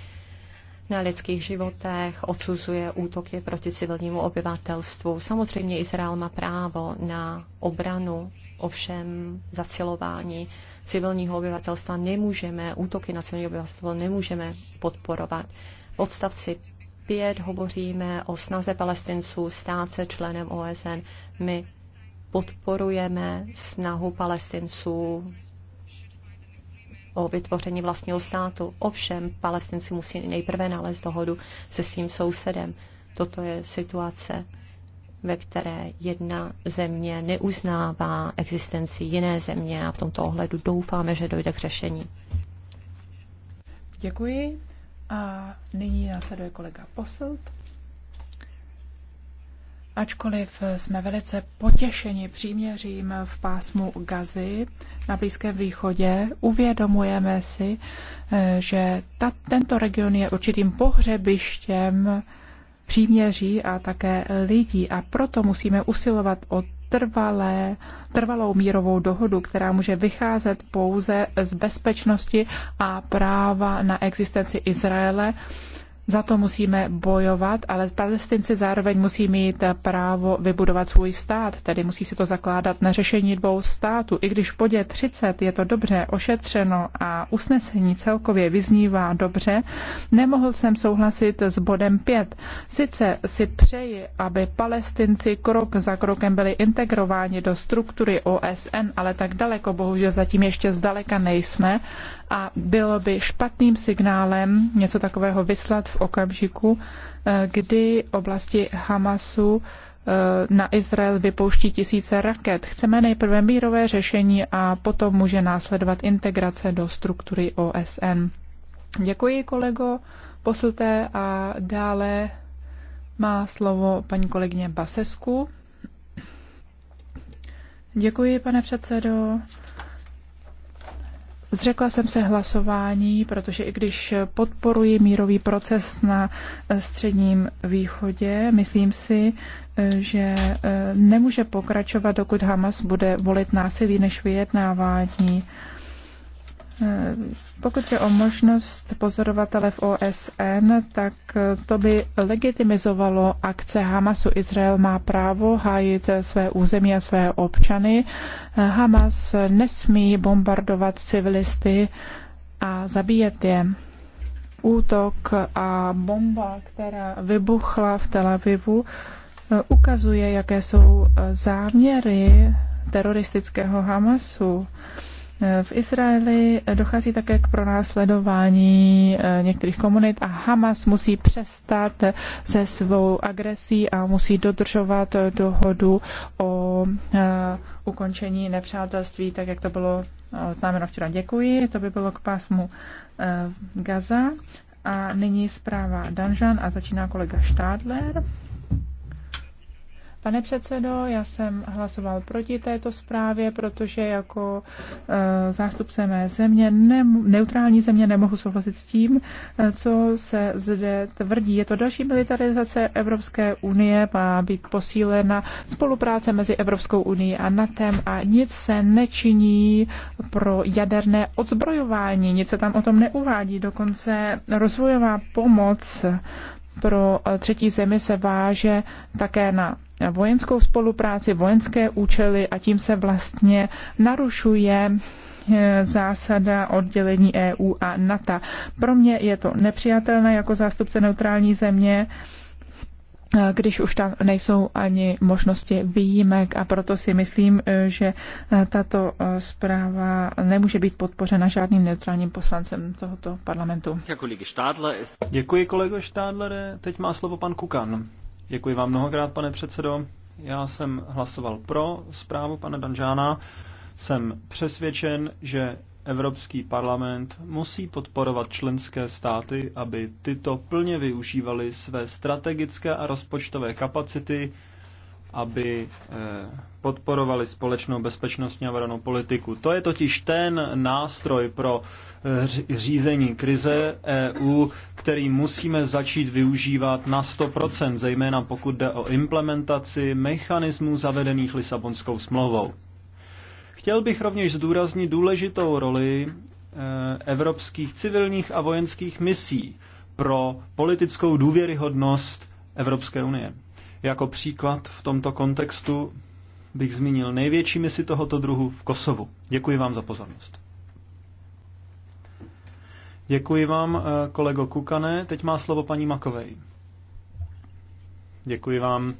na lidských životech, odsuzuje útoky proti civilnímu obyvatelstvu. Samozřejmě Izrael má právo na obranu, ovšem zacilování civilního obyvatelstva nemůžeme, útoky na civilní obyvatelstvo nemůžeme podporovat. V odstavci 5 hovoříme o snaze palestinců stát se členem OSN. My podporujeme snahu palestinců o vytvoření vlastního státu. Ovšem, palestinci musí nejprve nalézt dohodu se svým sousedem. Toto je situace, ve které jedna země neuznává existenci jiné země a v tomto ohledu doufáme, že dojde k řešení. Děkuji. A nyní následuje kolega Posilt. Ačkoliv jsme velice potěšeni příměřím v pásmu Gazy na Blízkém východě, uvědomujeme si, eh, že ta, tento region je určitým pohřebištěm příměří a také lidí a proto musíme usilovat o trvalé, trvalou mírovou dohodu, která může vycházet pouze z bezpečnosti a práva na existenci Izraele za to musíme bojovat, ale palestinci zároveň musí mít právo vybudovat svůj stát, tedy musí si to zakládat na řešení dvou států. I když v bodě 30 je to dobře ošetřeno a usnesení celkově vyznívá dobře, nemohl jsem souhlasit s bodem 5. Sice si přeji, aby palestinci krok za krokem byli integrováni do struktury OSN, ale tak daleko bohužel zatím ještě zdaleka nejsme a bylo by špatným signálem něco takového vyslat v okamžiku, eh, kdy oblasti Hamasu eh, na Izrael vypouští tisíce raket. Chceme nejprve mírové řešení a potom může následovat integrace do struktury OSN. Děkuji, kolego Poslté a dále má slovo paní kolegyně Basesku. Děkuji, pane předsedo. Zřekla jsem se hlasování, protože i když podporuji mírový proces na eh, středním východě, myslím si, eh, že eh, nemůže pokračovat, dokud Hamas bude volit násilí než vyjednávání. Eh, pokud je o možnost pozorovatele v OSN, tak eh, to by legitimizovalo akce Hamasu. Izrael má právo hájit eh, své území a své občany. Hamas nesmí bombardovat civilisty a zabíjet je. Útok a bomba, která vybuchla v Tel Avivu, ukazuje, jaké jsou záměry teroristického Hamasu. V Izraeli dochází také k pronásledování eh, některých komunit a Hamas musí přestat se svou agresí a musí dodržovat dohodu o eh, ukončení nepřátelství, tak jak to bylo oznámeno eh, včera. Děkuji, to by bylo k pásmu Gaza. A nyní zpráva Danžan a začíná kolega Štádler. Pane předsedo, já jsem hlasoval proti této zprávě, protože jako e, zástupce mé země, ne, neutrální země, nemohu souhlasit s tím, e, co se zde tvrdí. Je to další militarizace Evropské unie, má být posílena spolupráce mezi Evropskou unii a NATEM a nic se nečiní pro jaderné odzbrojování, nic se tam o tom neuvádí. Dokonce rozvojová pomoc pro eh, třetí zemi se váže také na vojenskou spolupráci, vojenské účely a tím se vlastně narušuje eh, zásada oddělení EU a NATO. Pro mě je to nepřijatelné jako zástupce neutrální země, eh, když už tam nejsou ani možnosti výjimek a proto si myslím, eh, že tato zpráva nemůže být podpořena žádným neutrálním poslancem tohoto parlamentu. Děkuji kolego Štádlere. Teď má slovo pan Kukan. Děkuji vám mnohokrát, pane předsedo. Já jsem hlasoval pro zprávu pana Danžána. Jsem přesvědčen, že Evropský parlament musí podporovat členské státy, aby tyto plně využívaly své strategické a rozpočtové kapacity aby eh, podporovali společnou bezpečnostní a obranou politiku. To je totiž ten nástroj pro eh, řízení krize EU, který musíme začít využívat na 100%, zejména pokud jde o implementaci mechanismů zavedených Lisabonskou smlouvou. Chtěl bych rovněž zdůraznit důležitou roli eh, evropských civilních a vojenských misí pro politickou důvěryhodnost Evropské unie. Jako příklad v tomto kontextu bych zmínil největší misi tohoto druhu v Kosovu. Děkuji vám za pozornost. Děkuji vám, eh, kolego Kukane. Teď má slovo paní Makovej. Děkuji vám.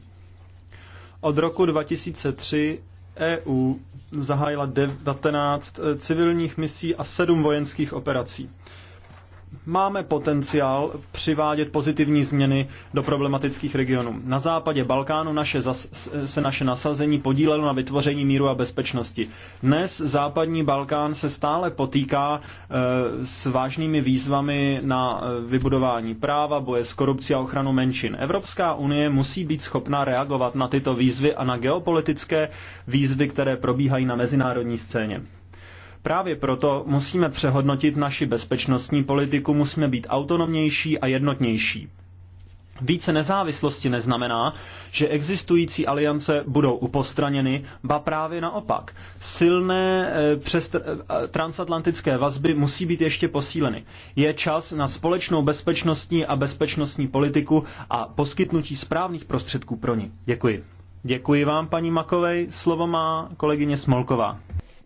Od roku 2003 EU zahájila 19 eh, civilních misí a 7 vojenských operací máme potenciál přivádět pozitivní změny do problematických regionů. Na západě Balkánu naše zas, se naše nasazení podílelo na vytvoření míru a bezpečnosti. Dnes západní Balkán se stále potýká e, s vážnými výzvami na e, vybudování práva, boje s korupcí a ochranu menšin. Evropská unie musí být schopna reagovat na tyto výzvy a na geopolitické výzvy, které probíhají na mezinárodní scéně. Právě proto musíme přehodnotit naši bezpečnostní politiku, musíme být autonomnější a jednotnější. Více nezávislosti neznamená, že existující aliance budou upostraněny, ba právě naopak. Silné eh, přes eh, transatlantické vazby musí být ještě posíleny. Je čas na společnou bezpečnostní a bezpečnostní politiku a poskytnutí správných prostředků pro ní. Děkuji. Děkuji vám, paní Makovej. Slovo má kolegyně Smolková.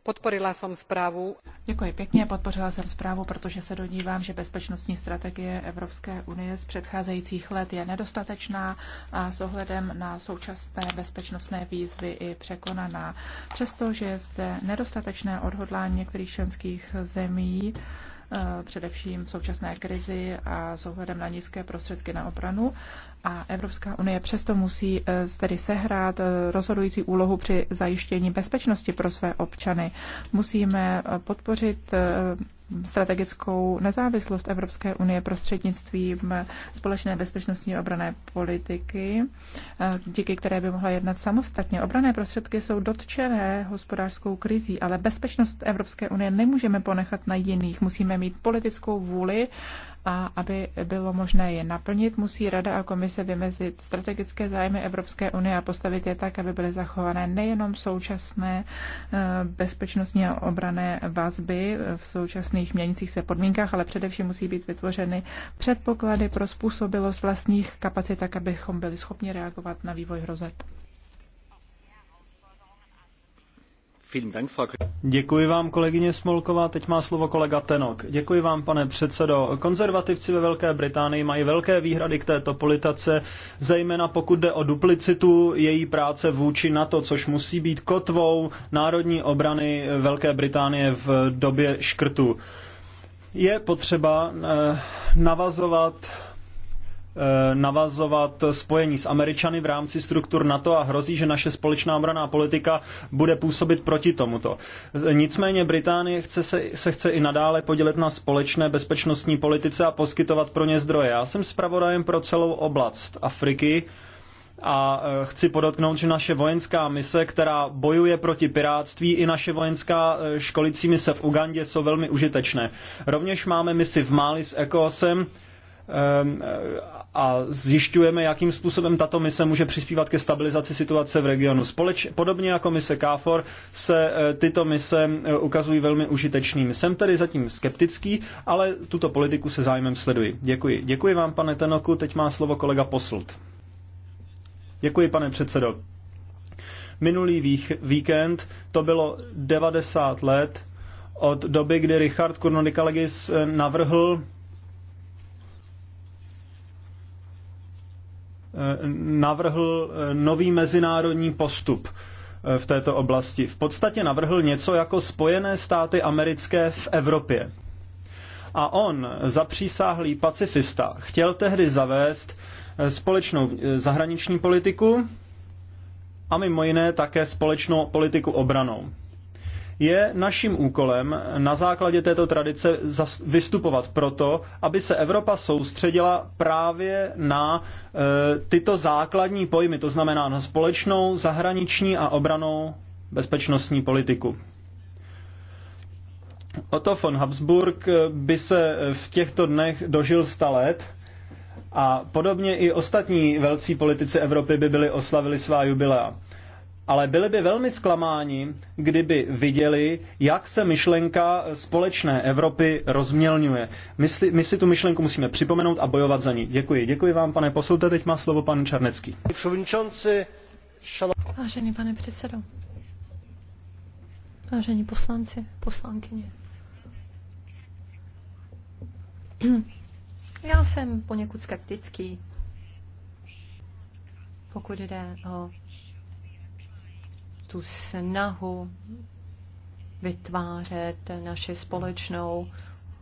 Podporila jsem zprávu. Děkuji pěkně, podpořila jsem zprávu, protože se dodívám, že bezpečnostní strategie Evropské unie z předcházejících let je nedostatečná a s ohledem na současné bezpečnostné výzvy i překonaná. Přestože je zde nedostatečné odhodlání některých členských zemí, Eh, především v současné krizi a s ohledem na nízké prostředky na obranu. A Evropská unie přesto musí eh, tedy sehrát eh, rozhodující úlohu při zajištění bezpečnosti pro své občany. Musíme podpořit strategickou nezávislost Evropské unie prostřednictvím společné bezpečnostní obrané politiky, eh, díky které by mohla jednat samostatně. Obrané prostředky jsou dotčené hospodářskou krizí, ale bezpečnost Evropské unie nemůžeme ponechat na jiných. Musíme mít politickou vůli a aby bylo možné je naplnit, musí Rada a Komise vymezit strategické zájmy Evropské unie a postavit je tak, aby byly zachované nejenom současné eh, bezpečnostní a obrané vazby v současných měnících se podmínkách, ale především musí být vytvořeny předpoklady pro způsobilost vlastních kapacit, tak abychom byli schopni reagovat na vývoj hrozeb. Děkuji vám, kolegyně Smolková. Teď má slovo kolega Tenok. Děkuji vám, pane předsedo. Konzervativci ve Velké Británii mají velké výhrady k této politice, zejména pokud jde o duplicitu její práce vůči NATO, což musí být kotvou národní obrany Velké Británie v době škrtu. Je potřeba eh, navazovat Eh, navazovat spojení s Američany v rámci struktur NATO a hrozí, že naše společná obraná politika bude působit proti tomuto. Nicméně Británie chce se, se chce i nadále podělit na společné bezpečnostní politice a poskytovat pro ně zdroje. Já jsem zpravodajem pro celou oblast Afriky, a eh, chci podotknout, že naše vojenská mise, která bojuje proti pirátství, i naše vojenská eh, školicí mise v Ugandě jsou velmi užitečné. Rovněž máme misi v Mali s ECOSem ehm, a zjišťujeme, jakým způsobem tato mise může přispívat ke stabilizaci situace v regionu. Společ, podobně jako mise KFOR se e, tyto mise e, ukazují velmi užitečnými. Jsem tedy zatím skeptický, ale tuto politiku se zájmem sleduji. Děkuji. Děkuji vám, pane Tenoku. Teď má slovo kolega Poslut. Děkuji, pane předsedo. Minulý vých, víkend to bylo 90 let od doby, kdy Richard Kurnodikalegis e, navrhl navrhl eh, nový mezinárodní postup eh, v této oblasti. V podstatě navrhl něco jako Spojené státy americké v Evropě. A on, zapřísáhlý pacifista, chtěl tehdy zavést eh, společnou zahraniční politiku a mimo jiné také společnou politiku obranou. Je naším úkolem na základě této tradice vystupovat proto, aby se Evropa soustředila právě na e, tyto základní pojmy, to znamená na společnou zahraniční a obranou bezpečnostní politiku. Otto von Habsburg by se v těchto dnech dožil 100 let a podobně i ostatní velcí politici Evropy by byli oslavili svá jubilea ale byli by velmi zklamáni, kdyby viděli, jak se myšlenka společné Evropy rozmělňuje. My si, my si tu myšlenku musíme připomenout a bojovat za ní. Děkuji. Děkuji vám, pane poslte. Teď má slovo pan Čarnecký. Vážený pane předsedo, vážení poslanci, poslankyně. Já jsem poněkud skeptický, pokud jde o tu snahu vytvářet naši společnou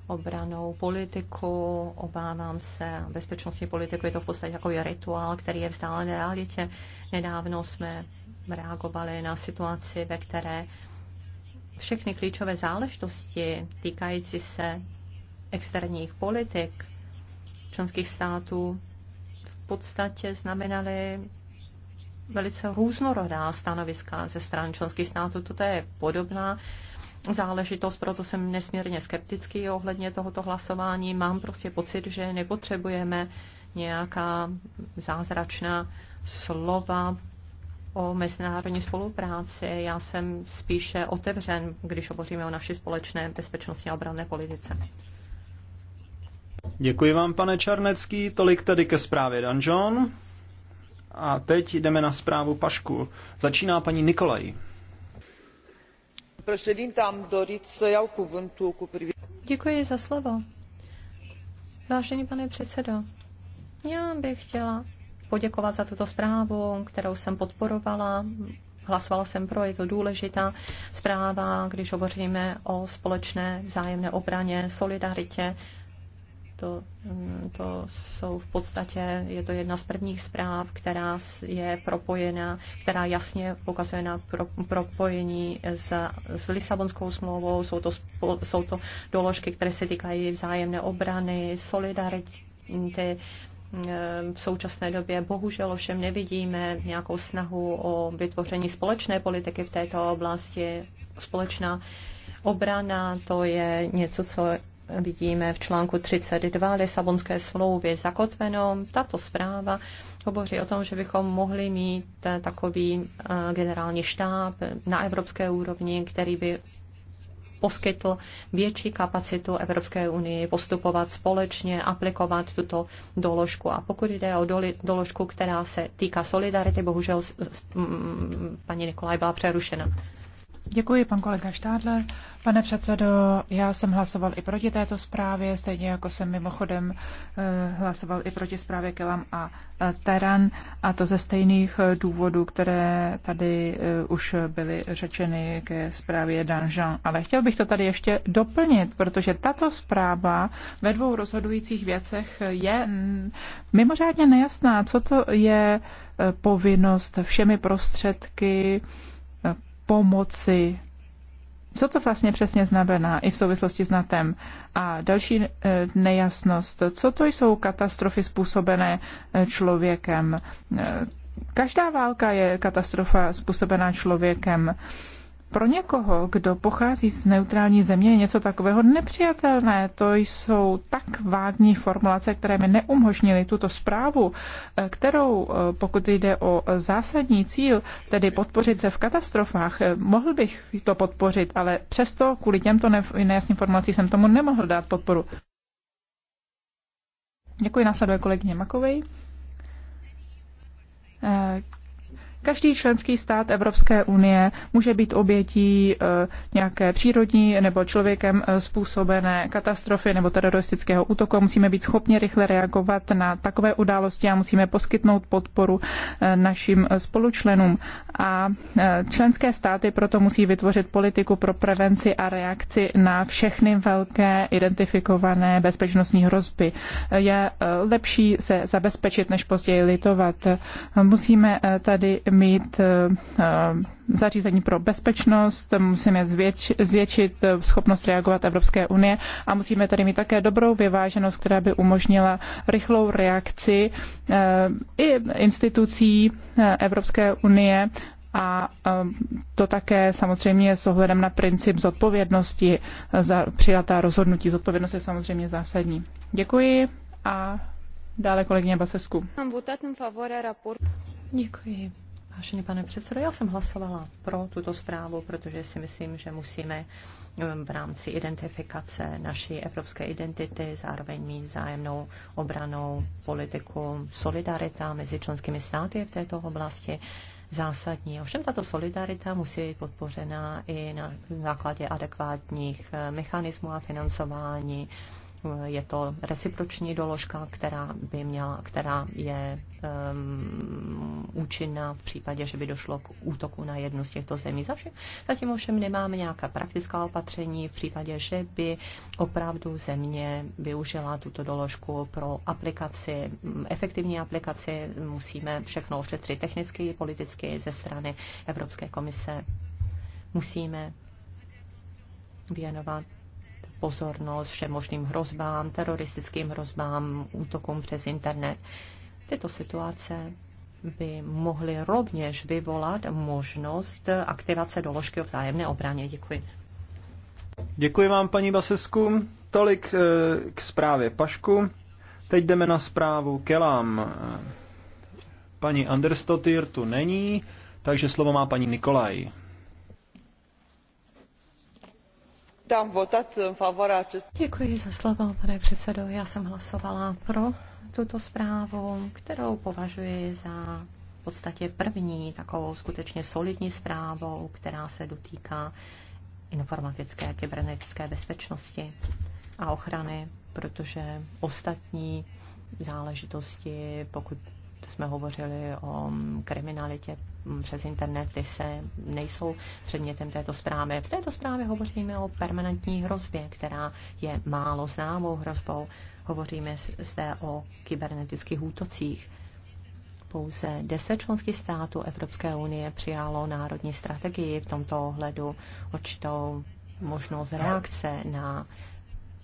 obranou politiku, obávám se, bezpečnostní politiku je to v podstatě takový rituál, který je vzdálen realitě. Nedávno jsme reagovali na situaci, ve které všechny klíčové záležitosti týkající se externích politik členských států v podstatě znamenaly velice různorodá stanoviska ze strany členských států. Toto je podobná záležitost, proto jsem nesmírně skeptický ohledně tohoto hlasování. Mám prostě pocit, že nepotřebujeme nějaká zázračná slova o mezinárodní spolupráci. Já jsem spíše otevřen, když hovoříme o naší společné bezpečnostní a obranné politice. Děkuji vám, pane Čarnecký. Tolik tedy ke zprávě Danjon. A teď jdeme na zprávu Pašku. Začíná paní Nikolaj. Děkuji za slovo. Vážený pane předsedo, já bych chtěla poděkovat za tuto zprávu, kterou jsem podporovala. Hlasovala jsem pro, je to důležitá zpráva, když hovoříme o společné vzájemné obraně, solidaritě to, mm, to jsou v podstatě, je to jedna z prvních zpráv, která je propojena, která jasně pokazuje na pro, propojení s, s Lisabonskou smlouvou. Jsou to, jsou to doložky, které se týkají vzájemné obrany, solidarity, mm, v současné době bohužel ovšem nevidíme nějakou snahu o vytvoření společné politiky v této oblasti. Společná obrana to je něco, co vidíme v článku 32 Lisabonské smlouvy zakotveno. Tato zpráva hovoří o tom, že bychom mohli mít eh, takový eh, generální štáb na evropské úrovni, který by poskytl větší kapacitu Evropské unii postupovat společně, aplikovat tuto doložku. A pokud jde o doli, doložku, která se týká solidarity, bohužel paní Nikolaj byla přerušena. Děkuji, pan kolega Štádle. Pane předsedo, já jsem hlasoval i proti této zprávě, stejně jako jsem mimochodem eh, hlasoval i proti zprávě Kelam a eh, Teran, a to ze stejných eh, důvodů, které tady už byly řečeny ke zprávě Danjean. Ale chtěl bych to tady ještě doplnit, protože tato zpráva ve dvou rozhodujících věcech je mimořádně nejasná, co to je povinnost všemi prostředky, pomoci. Co to vlastně přesně znamená i v souvislosti s NATEM? A další eh, nejasnost, co to jsou katastrofy způsobené eh, člověkem? Eh, každá válka je katastrofa způsobená člověkem. Pro někoho, kdo pochází z neutrální země, je něco takového nepřijatelné. To jsou tak vágní formulace, které mi neumožnily tuto zprávu, eh, kterou, eh, pokud jde o zásadní cíl, tedy podpořit se v katastrofách, eh, mohl bych to podpořit, ale přesto kvůli těmto nejasným formulacím jsem tomu nemohl dát podporu. Děkuji, následuje kolegyně Makovej. Každý členský stát Evropské unie může být obětí eh, nějaké přírodní nebo člověkem eh, způsobené katastrofy nebo teroristického útoku. Musíme být schopni rychle reagovat na takové události a musíme poskytnout podporu eh, našim spolučlenům. A členské státy proto musí vytvořit politiku pro prevenci a reakci na všechny velké identifikované bezpečnostní hrozby. Je lepší se zabezpečit, než později litovat. Musíme tady mít eh, eh, zařízení pro bezpečnost, musíme zvětš, zvětšit eh, schopnost reagovat Evropské unie a musíme tady mít také dobrou vyváženost, která by umožnila rychlou reakci i institucí Evropské unie a to také samozřejmě s ohledem na princip zodpovědnosti za přijatá rozhodnutí. Zodpovědnost je samozřejmě zásadní. Děkuji a dále kolegyně Basesku. Děkuji. Vážený pane předsedo, já jsem hlasovala pro tuto zprávu, protože si myslím, že musíme um, v rámci identifikace naší evropské identity zároveň mít vzájemnou obranou politiku. Solidarita mezi členskými státy v této oblasti zásadní. Ovšem tato solidarita musí být podpořena i na základě adekvátních eh, mechanismů a financování je to reciproční doložka, která by měla, která je um, účinná v případě, že by došlo k útoku na jednu z těchto zemí. Zatím, ovšem nemáme nějaká praktická opatření v případě, že by opravdu země využila tuto doložku pro aplikaci, efektivní aplikaci. Musíme všechno ošetřit technicky i politicky ze strany Evropské komise. Musíme věnovat pozornost všem možným hrozbám, teroristickým hrozbám, útokům přes internet. Tyto situace by mohly rovněž vyvolat možnost aktivace doložky o vzájemné obraně. Děkuji. Děkuji vám, paní Basesku. Tolik eh, k zprávě Pašku. Teď jdeme na zprávu Kelam. Paní Anderstotir tu není, takže slovo má paní Nikolaj. am votat v favoarea Děkuji za slovo, pane předsedo. Já jsem hlasovala pro tuto zprávu, kterou považuji za v podstatě první takovou skutečně solidní zprávou, která se dotýká informatické a kybernetické bezpečnosti a ochrany, protože ostatní záležitosti, pokud jsme hovořili o kriminalitě přes internety, se nejsou předmětem této zprávy. V této zprávě hovoříme o permanentní hrozbě, která je málo známou hrozbou. Hovoříme zde o kybernetických útocích. Pouze deset členských států Evropské unie přijalo národní strategii v tomto ohledu určitou možnost reakce na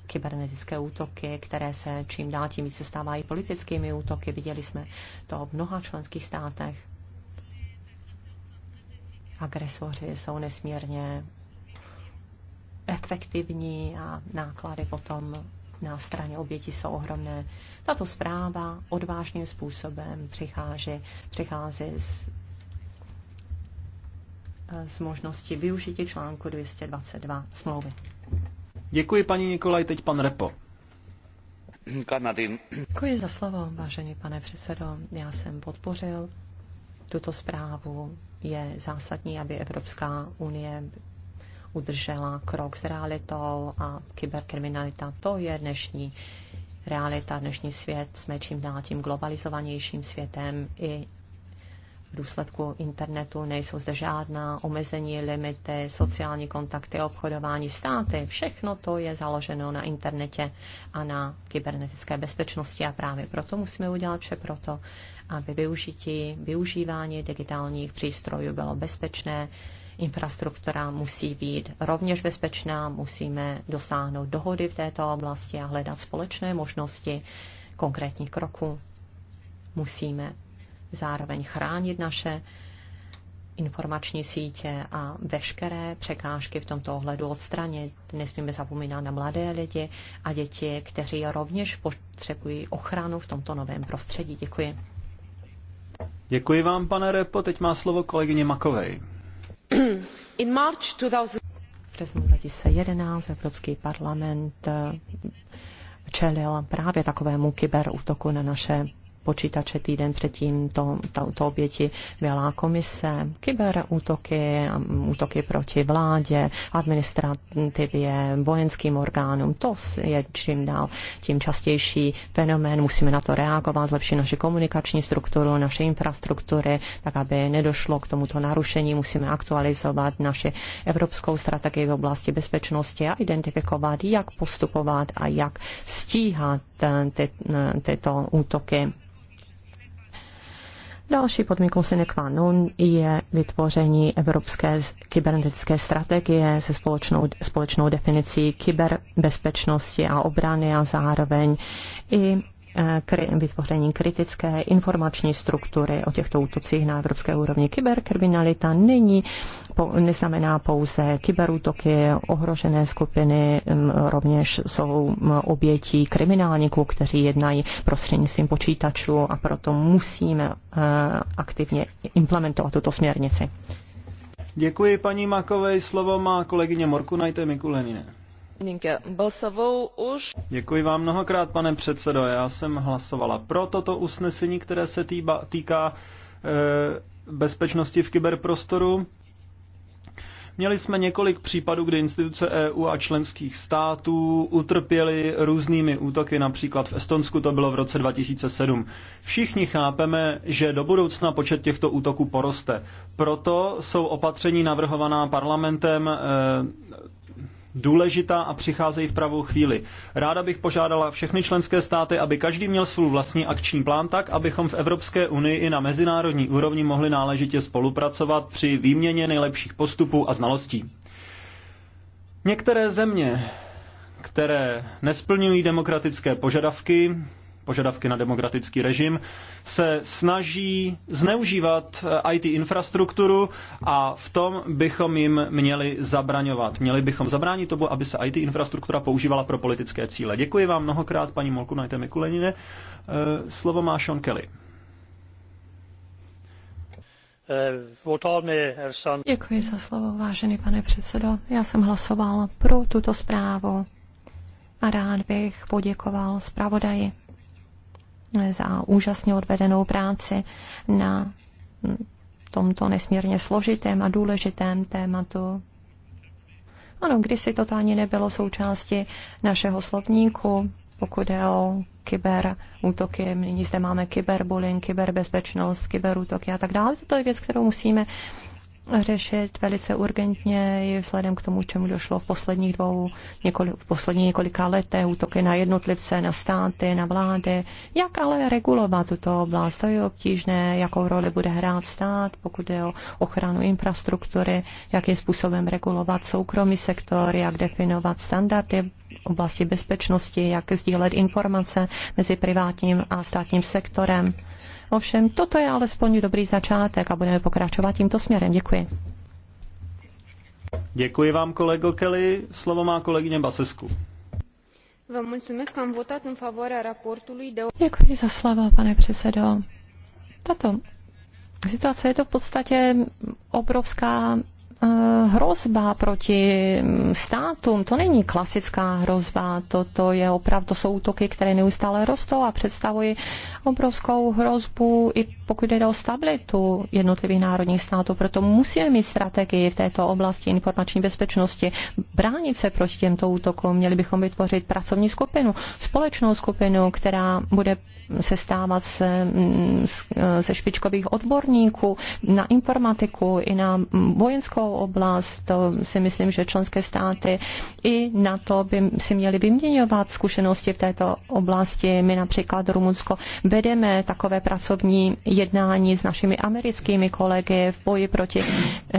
kybernetické útoky, které se čím dál tím více stávají politickými útoky. Viděli jsme to v mnoha členských státech. Agresoři jsou nesmírně efektivní a náklady potom na straně oběti jsou ohromné. Tato zpráva odvážným způsobem přichází, přichází z, z možnosti využití článku 222 smlouvy. Děkuji paní Nikolaj, teď pan Repo. Děkuji za slovo, vážený pane předsedo. Já jsem podpořil tuto zprávu. Je zásadní, aby Evropská unie udržela krok s realitou a kyberkriminalita. To je dnešní realita, dnešní svět. Jsme čím dál tím globalizovanějším světem. I důsledku internetu, nejsou zde žádná omezení, limity, sociální kontakty, obchodování státy. Všechno to je založeno na internetě a na kybernetické bezpečnosti a právě proto musíme udělat vše proto, aby využití, využívání digitálních přístrojů bylo bezpečné, infrastruktura musí být rovněž bezpečná, musíme dosáhnout dohody v této oblasti a hledat společné možnosti konkrétních kroků. Musíme zároveň chránit naše informační sítě a veškeré překážky v tomto ohledu odstranit. Nesmíme zapomínat na mladé lidi a děti, kteří rovněž potřebují ochranu v tomto novém prostředí. Děkuji. Děkuji vám, pane Repo. Teď má slovo kolegyně Makovej. In March 2000... V březnu 2011 Evropský parlament eh, čelil právě takovému kyberútoku na naše počítače týden předtím to, to, to oběti byla komise, kyberútoky, um, útoky proti vládě, administrativě, vojenským orgánům. To je čím dál tím častější fenomén. Musíme na to reagovat, zlepšit naši komunikační strukturu, naše infrastruktury, tak aby nedošlo k tomuto narušení. Musíme aktualizovat naši evropskou strategii v oblasti bezpečnosti a identifikovat, jak postupovat a jak stíhat eh, ty, eh, tyto útoky Další podmínkou sine qua non je vytvoření evropské kybernetické strategie se společnou, společnou definicí kyberbezpečnosti a obrany a zároveň i vytvoření kritické informační struktury o těchto útocích na evropské úrovni. Kyberkriminalita není, neznamená pouze kyberútoky, ohrožené skupiny rovněž jsou obětí kriminálníků, kteří jednají prostřednictvím počítačů a proto musíme e, aktivně implementovat tuto směrnici. Děkuji paní Makové, slovo má kolegyně Morkunajte Mikulenine. Děkuji vám mnohokrát, pane předsedo. Já jsem hlasovala pro toto usnesení, které se týba, týká e, bezpečnosti v kyberprostoru. Měli jsme několik případů, kdy instituce EU a členských států utrpěly různými útoky, například v Estonsku to bylo v roce 2007. Všichni chápeme, že do budoucna počet těchto útoků poroste. Proto jsou opatření navrhovaná parlamentem e, důležitá a přicházejí v pravou chvíli. Ráda bych požádala všechny členské státy, aby každý měl svůj vlastní akční plán tak, abychom v Evropské unii i na mezinárodní úrovni mohli náležitě spolupracovat při výměně nejlepších postupů a znalostí. Některé země, které nesplňují demokratické požadavky, požadavky na demokratický režim, se snaží zneužívat eh, IT infrastrukturu a v tom bychom jim měli zabraňovat. Měli bychom zabránit tomu, aby se IT infrastruktura používala pro politické cíle. Děkuji vám mnohokrát, paní Molku Najte Mikulenine. Eh, slovo má Sean Kelly. Děkuji za slovo, vážený pane předsedo. Já jsem hlasoval pro tuto zprávu a rád bych poděkoval zpravodaji za úžasně odvedenou práci na tomto nesmírně složitém a důležitém tématu. Ano, kdysi to ani nebylo součástí našeho slovníku, pokud je o kyberútoky. Nyní zde máme kyberbullying, kyberbezpečnost, kyberútoky a tak dále. To je věc, kterou musíme řešit velice urgentně i vzhledem k tomu, čemu došlo v posledních dvou, několik, v posledních několika letech, útoky na jednotlivce, na státy, na vlády. Jak ale regulovat tuto oblast? To je obtížné, jakou roli bude hrát stát, pokud je o ochranu infrastruktury, jakým způsobem regulovat soukromý sektor, jak definovat standardy oblasti bezpečnosti, jak sdílet informace mezi privátním a státním sektorem. Ovšem, toto je alespoň dobrý začátek a budeme pokračovat tímto směrem. Děkuji. Děkuji vám, kolego Kelly. Slovo má kolegyně Basesku. Děkuji za slovo, pane předsedo. Tato situace je to v podstatě obrovská Eh, hrozba proti mm, státům, to není klasická hrozba, toto je opravdu, to jsou útoky, které neustále rostou a představují obrovskou hrozbu i pokud jde o stabilitu jednotlivých národních států. Proto musíme mít strategii v této oblasti informační bezpečnosti, bránit se proti těmto útokům. Měli bychom vytvořit pracovní skupinu, společnou skupinu, která bude se stávat se, se špičkových odborníků na informatiku i na vojenskou oblast. To si myslím, že členské státy i na to by si měli vyměňovat zkušenosti v této oblasti. My například Rumunsko vedeme takové pracovní jednání s našimi americkými kolegy v boji proti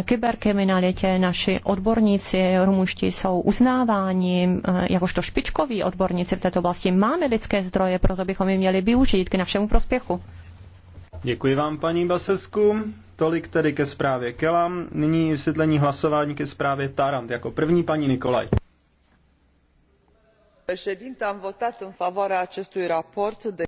kyberkriminalitě. Naši odborníci rumunští jsou uznáváni eh, jakožto špičkoví odborníci v této oblasti. Máme lidské zdroje, proto bychom je měli využít k našemu prospěchu. Děkuji vám, paní Basesku. Tolik tedy ke zprávě Kelam. Nyní vysvětlení hlasování ke zprávě Tarant. Jako první paní Nikolaj. Președinte, am votat în favoarea acestui raport. De...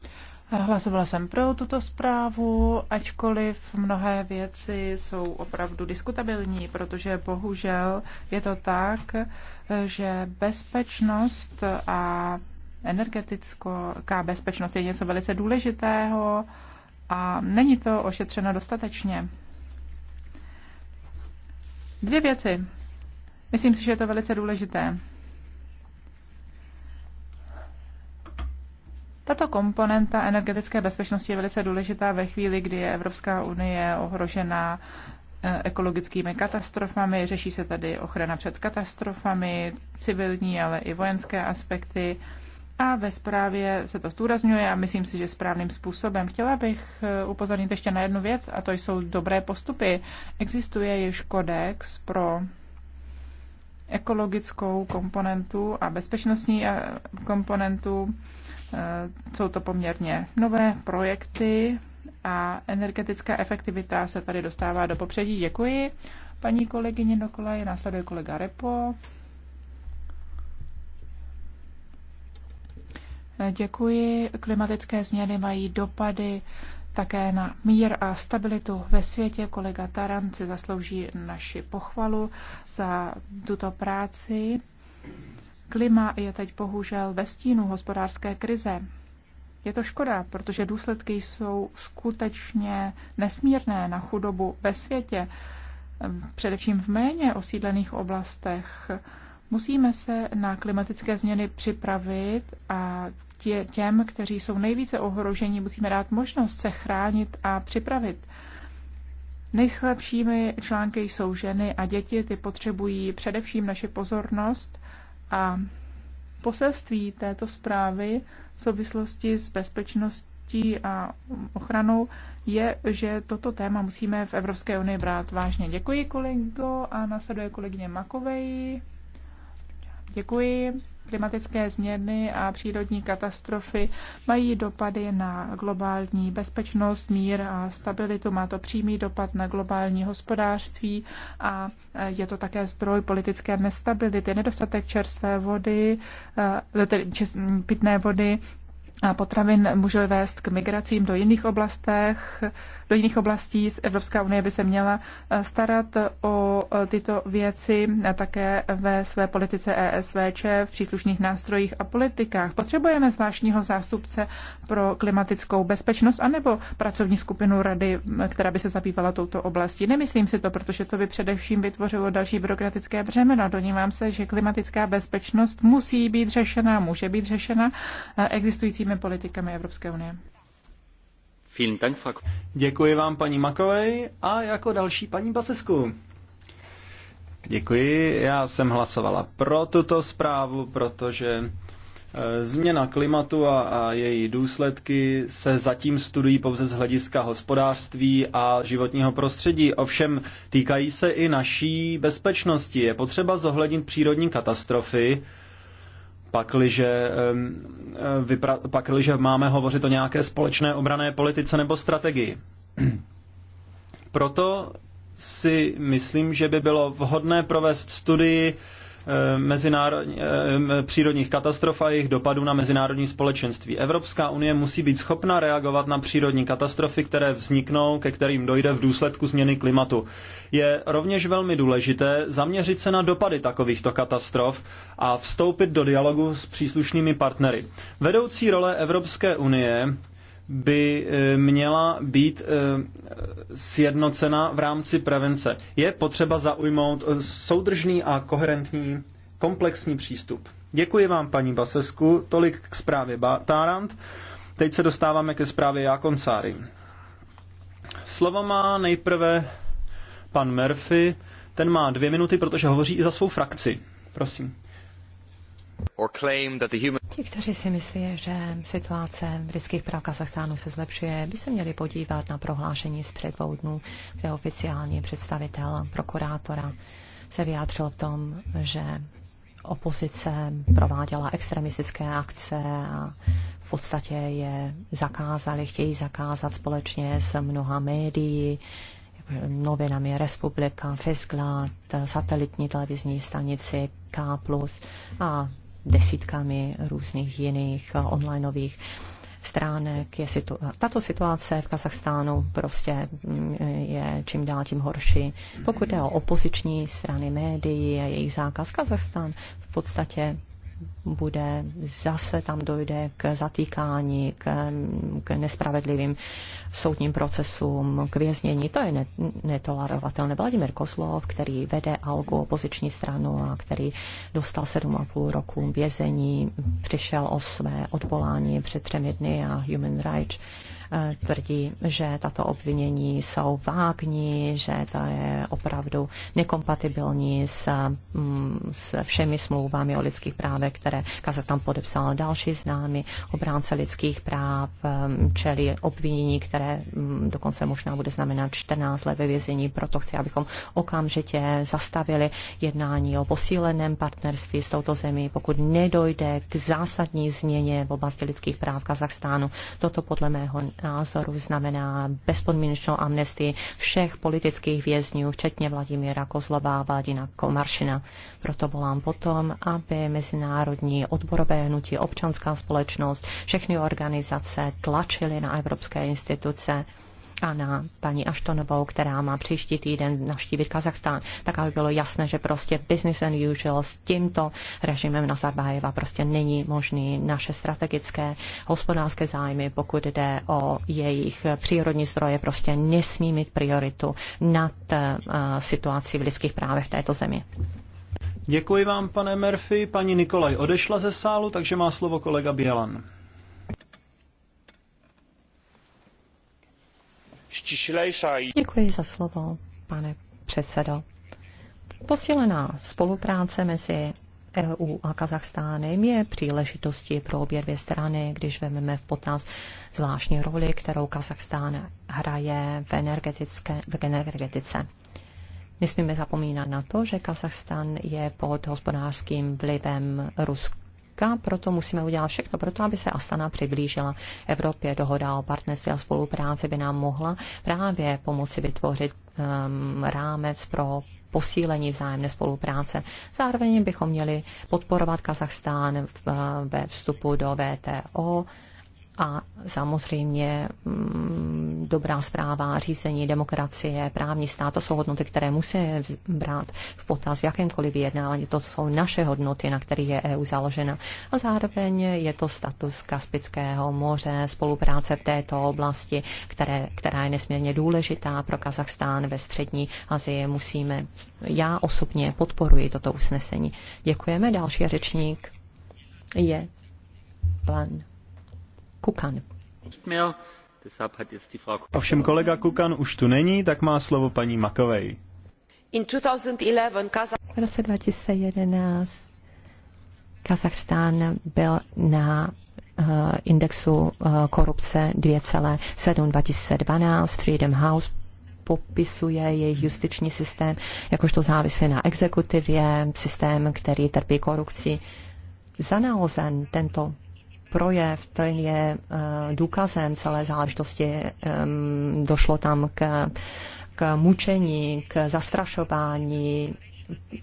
Hlasovala jsem pro tuto zprávu, ačkoliv mnohé věci jsou opravdu diskutabilní, protože bohužel je to tak, že bezpečnost a energetická bezpečnost je něco velice důležitého a není to ošetřeno dostatečně. Dvě věci. Myslím si, že je to velice důležité. Tato komponenta energetické bezpečnosti je velice důležitá ve chvíli, kdy je Evropská unie ohrožená eh, ekologickými katastrofami, řeší se tady ochrana před katastrofami, civilní, ale i vojenské aspekty. A ve zprávě se to zdůrazňuje a myslím si, že správným způsobem. Chtěla bych eh, upozornit ještě na jednu věc a to jsou dobré postupy. Existuje již kodex pro ekologickou komponentu a bezpečnostní eh, komponentu. Eh, jsou to poměrně nové projekty a energetická efektivita se tady dostává do popředí. Děkuji. Paní kolegyně Nokolaj, následuje kolega Repo. Eh, děkuji. Klimatické změny mají dopady také na mír a stabilitu ve světě. Kolega Tarant si zaslouží naši pochvalu za tuto práci. Klima je teď bohužel ve stínu hospodářské krize. Je to škoda, protože důsledky jsou skutečně nesmírné na chudobu ve světě, především v méně osídlených oblastech. Musíme se na klimatické změny připravit a tě, těm, kteří jsou nejvíce ohroženi, musíme dát možnost se chránit a připravit. Nejslabšími články jsou ženy a děti, ty potřebují především naše pozornost a poselství této zprávy v souvislosti s bezpečností a ochranou je, že toto téma musíme v Evropské unii brát vážně. Děkuji kolego a následuje kolegyně Makovej. Děkuji. Klimatické změny a přírodní katastrofy mají dopady na globální bezpečnost, mír a stabilitu. Má to přímý dopad na globální hospodářství a je to také zdroj politické nestability. Nedostatek čerstvé vody, eh, tedy pitné vody a potravin může vést k migracím do jiných oblastech, do jiných oblastí. Evropská unie by se měla eh, starat o eh, tyto věci a také ve své politice ESVČ, v příslušných nástrojích a politikách. Potřebujeme zvláštního zástupce pro klimatickou bezpečnost anebo pracovní skupinu rady, která by se zabývala touto oblastí. Nemyslím si to, protože to by především vytvořilo další byrokratické břemeno. Donívám se, že klimatická bezpečnost musí být řešena, může být řešena eh, existujícími dalšími politikami Evropské unie. Děkuji vám, paní Makovej, a jako další paní Basesku. Děkuji, já jsem hlasovala pro tuto zprávu, protože e, Změna klimatu a, a její důsledky se zatím studují pouze z hlediska hospodářství a životního prostředí, ovšem týkají se i naší bezpečnosti. Je potřeba zohlednit přírodní katastrofy, Pakliže, eh, vypra- pakliže máme hovořit o nějaké společné obrané politice nebo strategii. Proto si myslím, že by bylo vhodné provést studii Eh, mezinárodní, eh, přírodních katastrof a jejich dopadů na mezinárodní společenství. Evropská unie musí být schopna reagovat na přírodní katastrofy, které vzniknou, ke kterým dojde v důsledku změny klimatu. Je rovněž velmi důležité zaměřit se na dopady takovýchto katastrof a vstoupit do dialogu s příslušnými partnery. Vedoucí role Evropské unie by eh, měla být eh, sjednocena v rámci prevence. Je potřeba zaujmout eh, soudržný a koherentní komplexní přístup. Děkuji vám, paní Basesku, tolik k zprávě Tarant. Teď se dostáváme ke zprávě Jakonsáry. Slovo má nejprve pan Murphy, ten má dvě minuty, protože hovoří i za svou frakci. Prosím. Or claim that the human... Ti, kteří si myslí, že situace v lidských práv Kazachstánu se zlepšuje, by se měli podívat na prohlášení z před dvou dnů, kde oficiální představitel prokurátora se vyjádřil v tom, že opozice prováděla extremistické akce a v podstatě je zakázali, chtějí zakázat společně s mnoha médií, novinami Republika, Fisklad, satelitní televizní stanici K+, a desítkami různých jiných eh, onlineových stránek. Je situ- tato situace v Kazachstánu prostě mm, je čím dál tím horší. Pokud jde o opoziční strany médií a jejich zákaz, Kazachstán v podstatě bude, zase tam dojde k zatýkání, k, k nespravedlivým soudním procesům, k věznění. To je netolerovatelné. Vladimír Kozlov, který vede ALGU, opoziční stranu a který dostal 7,5 roku vězení, přišel o své odvolání před třemi dny a Human Rights Eh, tvrdí, že tato obvinění jsou vágní, že to je opravdu nekompatibilní s, mm, s všemi smlouvami o lidských právech, které Kazachstán podepsal. Další známy obránce lidských práv ehm, čeli obvinění, které mm, dokonce možná bude znamenat 14 let ve vězení. Proto chci, abychom okamžitě zastavili jednání o posíleném partnerství s touto zemí, pokud nedojde k zásadní změně v oblasti lidských práv Kazachstánu. Toto podle mého názorů znamená bezpodmínečnou amnestii všech politických vězňů, včetně Vladimíra Kozlova a Vladina Komaršina. Proto volám potom, aby mezinárodní odborové hnutí, občanská společnost, všechny organizace tlačily na evropské instituce, a na paní Aštonovou, která má příští týden navštívit Kazachstán, tak aby bylo jasné, že prostě business and usual s tímto režimem Nazarbájeva prostě není možný. Naše strategické hospodářské zájmy, pokud jde o jejich přírodní zdroje, prostě nesmí mít prioritu nad eh, situací v lidských právech v této zemi. Děkuji vám, pane Murphy. Paní Nikolaj odešla ze sálu, takže má slovo kolega Bělan. ściślejsza i... Děkuji za slovo, pane předsedo. Posílená spolupráce mezi EU a Kazachstánem je příležitostí pro obě dvě strany, když vezmeme v potaz zvláštní roli, kterou Kazachstán hraje v, energetické, v energetice. Nesmíme zapomínat na to, že Kazachstán je pod hospodářským vlivem Ruska politika, proto musíme udělat všechno, proto aby se Astana přiblížila Evropě. Dohoda o partnerství a spolupráci by nám mohla právě pomoci vytvořit um, rámec pro posílení vzájemné spolupráce. Zároveň bychom měli podporovat Kazachstán uh, ve vstupu do VTO a samozřejmě mm, dobrá zpráva, řízení demokracie, právní stát, to jsou hodnoty, které musí brát v potaz v jakémkoliv vyjednávání. To jsou naše hodnoty, na kterých je EU založena. A zároveň je to status Kaspického moře, spolupráce v této oblasti, které, která je nesmírně důležitá pro Kazachstán ve střední Asii. Musíme, já osobně podporuji toto usnesení. Děkujeme. Další řečník je pan Kukan. Ovšem kolega Kukan už tu není, tak má slovo paní Makovej. V roce 2011 Kazachstán byl na uh, indexu uh, korupce 2,7 2012. Freedom House popisuje jejich justiční systém jakožto závislý na exekutivě, systém, který trpí korupcí. Zanalzen tento projev, je eh, důkazem celé záležitosti. Došlo tam k, k mučení, k zastrašování,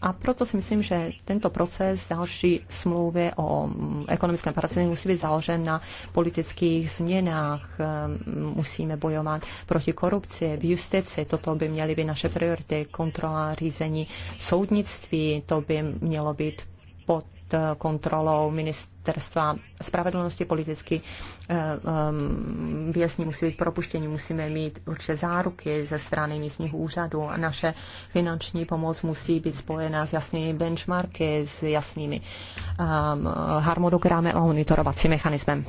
a proto si myslím, že tento proces další smlouvy o mm, ekonomickém partnerství musí být založen na politických změnách. Musíme bojovat proti korupci, v justici, toto by měly být naše priority, kontrola řízení soudnictví, to by mělo být pod eh, kontrolou ministra ministerstva spravedlnosti politicky eh, eh, vězni musí být propuštěni, musíme mít určité záruky ze strany místních úřadů a naše finanční pomoc musí být spojena s jasnými benchmarky, s jasnými ehm, harmonogramy a monitorovacím mechanismem.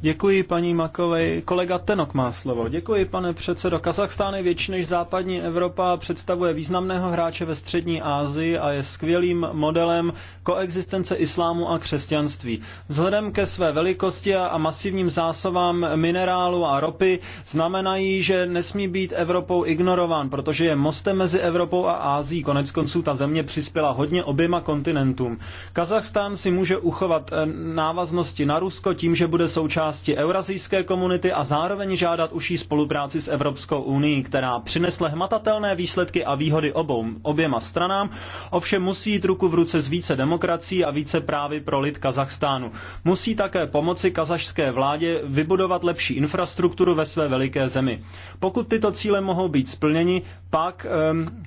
Děkuji paní Makovej. Kolega Tenok má slovo. Děkuji pane předsedo. Kazachstán je větší než západní Evropa, představuje významného hráče ve střední Asii a je skvělým modelem koexistence islámu a křesťanství. Vzhledem ke své velikosti a masivním zásobám minerálu a ropy znamenají, že nesmí být Evropou ignorován, protože je mostem mezi Evropou a Ázií. Konec konců ta země přispěla hodně oběma kontinentům. Kazachstán si může uchovat eh, návaznosti na Rusko tím, že bude součástí eurazijské komunity a zároveň žádat užší spolupráci s Evropskou unii, která přinesla hmatatelné výsledky a výhody obou, oběma stranám, ovšem musí jít ruku v ruce s více demokracií a více právy pro lid Kazachstánu. Kazachstánu. Musí také pomoci kazašské vládě vybudovat lepší infrastrukturu ve své veliké zemi. Pokud tyto cíle mohou být splněny, pak um,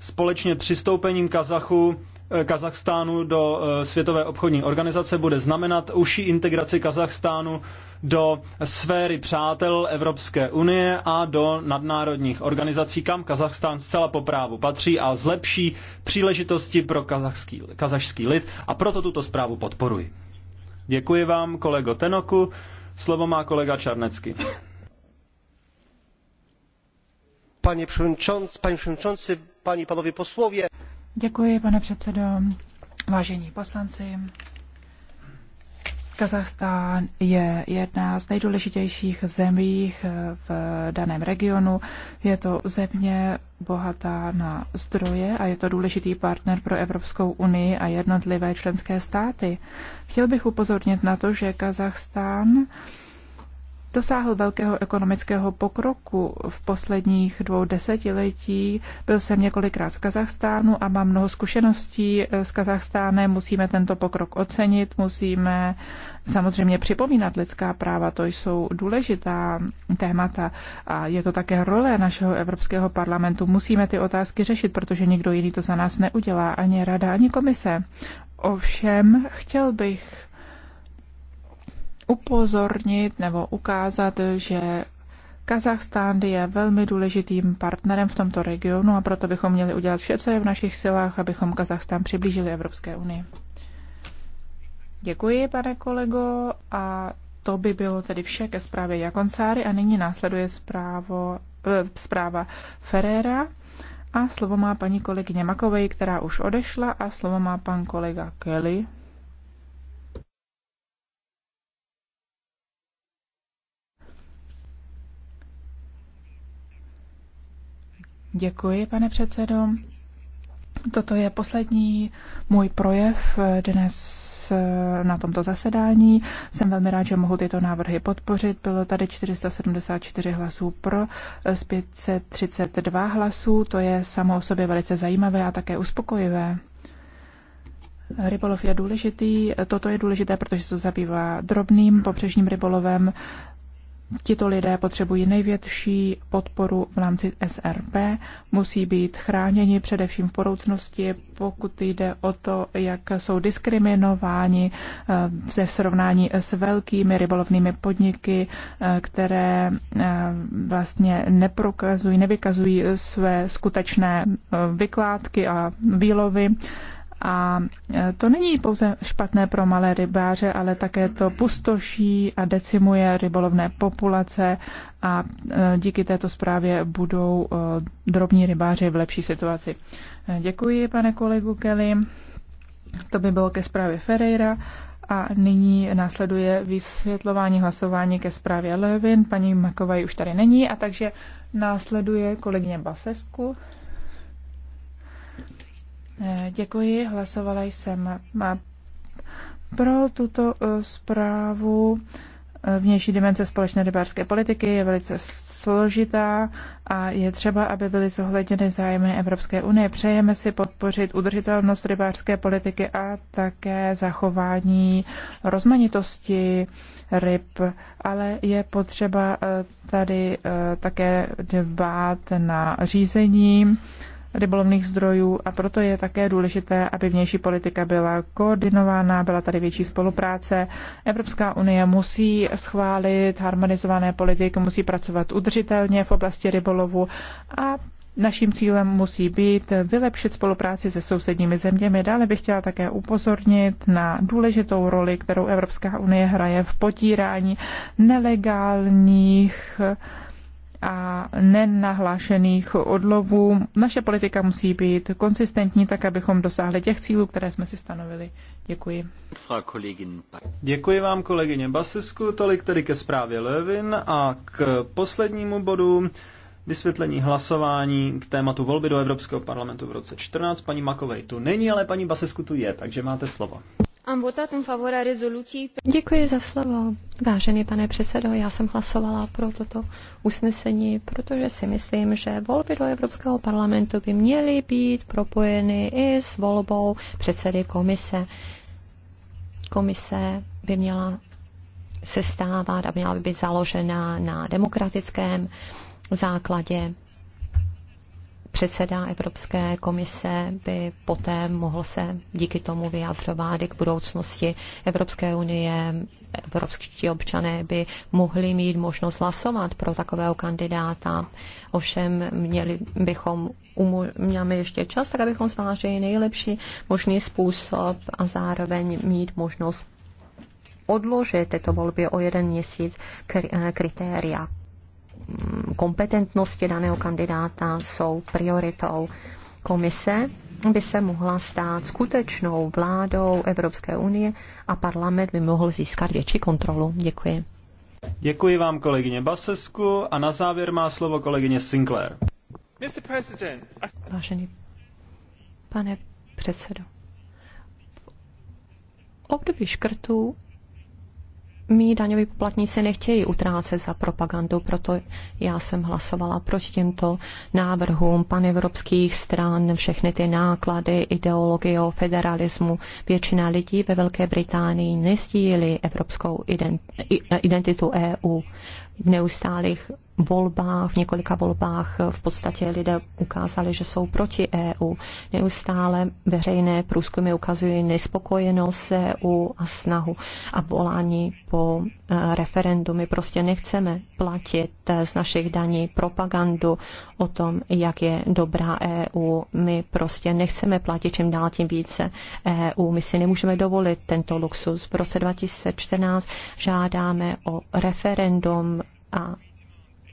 společně přistoupením Kazachu Kazachstánu do eh, Světové obchodní organizace bude znamenat užší integraci Kazachstánu do sféry přátel Evropské unie a do nadnárodních organizací, kam Kazachstán zcela po právu patří a zlepší příležitosti pro kazachský, kazašský lid a proto tuto zprávu podporuji. Děkuji vám, kolego Tenoku. Slovo má kolega Čarnecky. Panie przewodniczący, panie przewodniczący, panie i panowie posłowie. Děkuji, pane předsedo. Vážení poslanci, Kazachstán je jedna z nejdůležitějších zemí v daném regionu. Je to země bohatá na zdroje a je to důležitý partner pro Evropskou unii a jednotlivé členské státy. Chtěl bych upozornit na to, že Kazachstán dosáhl velkého ekonomického pokroku v posledních dvou desetiletí. Byl jsem několikrát v Kazachstánu a mám mnoho zkušeností s Kazachstánem. Musíme tento pokrok ocenit, musíme samozřejmě připomínat lidská práva, to jsou důležitá témata a je to také role našeho Evropského parlamentu. Musíme ty otázky řešit, protože nikdo jiný to za nás neudělá, ani rada, ani komise. Ovšem, chtěl bych upozornit nebo ukázat, že Kazachstán je velmi důležitým partnerem v tomto regionu a proto bychom měli udělat vše, co je v našich silách, abychom Kazachstán přiblížili Evropské unii. Děkuji, pane kolego, a to by bylo tedy vše ke zprávě Jakoncáry a nyní následuje zprávo, eh, zpráva Ferrera a slovo má paní kolegyně Makovej, která už odešla a slovo má pan kolega Kelly. Děkuji, pane předsedo. Toto je poslední můj projev dnes eh, na tomto zasedání. Jsem velmi rád, že mohu tyto návrhy podpořit. Bylo tady 474 hlasů pro, eh, z 532 hlasů. To je samo o sobě velice zajímavé a také uspokojivé. Rybolov je důležitý. Toto je důležité, protože se zabývá drobným pobřežním rybolovem. Tito lidé potřebují největší podporu v rámci SRP, musí být chráněni především v budoucnosti, pokud jde o to, jak jsou diskriminováni ze eh, srovnání s velkými rybolovnými podniky, eh, které eh, vlastně neprokazují, nevykazují své skutečné vykládky a výlovy a e, to není pouze špatné pro malé rybáře, ale také to pustoší a decimuje rybolovné populace a e, díky této zprávě budou e, drobní rybáři v lepší situaci. Děkuji, pane kolegu Kelly. To by bylo ke zprávě Ferreira. A nyní následuje vysvětlování hlasování ke zprávě Levin. Paní Makovaj už tady není, a takže následuje kolegyně Basesku. Eh, děkuji, hlasovala jsem eh, pro tuto eh, zprávu. Vnější dimenze společné rybářské politiky je velice složitá a je třeba, aby byly zohledněny zájmy Evropské unie. Přejeme si podpořit udržitelnost rybářské politiky a také zachování rozmanitosti ryb, ale je potřeba tady také dbát na řízení rybolovných zdrojů a proto je také důležité, aby vnější politika byla koordinována, byla tady větší spolupráce. Evropská unie musí schválit harmonizované politiky, musí pracovat udržitelně v oblasti rybolovu a Naším cílem musí být vylepšit spolupráci se sousedními zeměmi. Dále bych chtěla také upozornit na důležitou roli, kterou Evropská unie hraje v potírání nelegálních a nenahlášených odlovů. Naše politika musí být konsistentní, tak abychom dosáhli těch cílů, které jsme si stanovili. Děkuji. Děkuji vám, kolegyně Basisku. Tolik tedy ke zprávě Levin a k poslednímu bodu vysvětlení hlasování k tématu volby do Evropského parlamentu v roce 14. Paní Makovej tu není, ale paní Basesku tu je, takže máte slovo. Děkuji za slovo. Vážený pane předsedo, já jsem hlasovala pro toto usnesení, protože si myslím, že volby do Evropského parlamentu by měly být propojeny i s volbou předsedy komise. Komise by měla se stávat a měla by být založena na demokratickém základě předseda Evropské komise by poté mohl se díky tomu vyjadřovat i k budoucnosti Evropské unie. Evropští občané by mohli mít možnost hlasovat pro takového kandidáta. Ovšem měli bychom měli ještě čas, tak abychom zvážili nejlepší možný způsob a zároveň mít možnost odložit tyto volby o jeden měsíc kritéria kompetentnosti daného kandidáta jsou prioritou. Komise by se mohla stát skutečnou vládou Evropské unie a parlament by mohl získat větší kontrolu. Děkuji. Děkuji vám, kolegyně Basesku, a na závěr má slovo kolegyně Sinclair. Vážený pane předsedo, v období škrtů mý daňoví poplatníci nechtějí utrácet za propagandu, proto já jsem hlasovala proti těmto návrhům panevropských stran, všechny ty náklady, ideologie o federalismu. Většina lidí ve Velké Británii nestílí evropskou identitu EU v neustálých volbách, v několika volbách eh, v podstatě lidé ukázali, že jsou proti EU. Neustále veřejné průzkumy ukazují nespokojenost s e EU a snahu a volání po eh, referendu. My prostě nechceme platit eh, z našich daní propagandu o tom, jak je dobrá EU. My prostě nechceme platit čím dál tím více EU. My si nemůžeme dovolit tento luxus. V roce 2014 žádáme o referendum a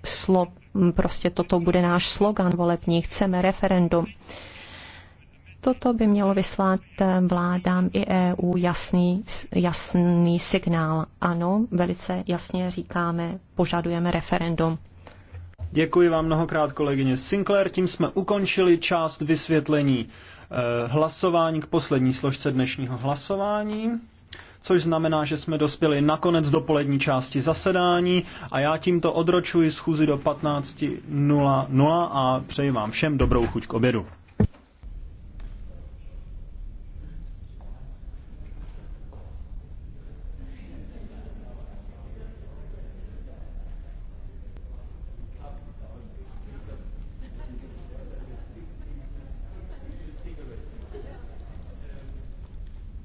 slo, prostě toto bude náš slogan volební, chceme referendum. Toto by mělo vyslat eh, vládám i EU jasný, jasný signál. Ano, velice jasně říkáme, požadujeme referendum. Děkuji vám mnohokrát, kolegyně Sinclair. Tím jsme ukončili část vysvětlení eh, hlasování k poslední složce dnešního hlasování což znamená, že jsme dospěli nakonec do polední části zasedání a já tímto odročuji schůzi do 15.00 a přeji vám všem dobrou chuť k obědu.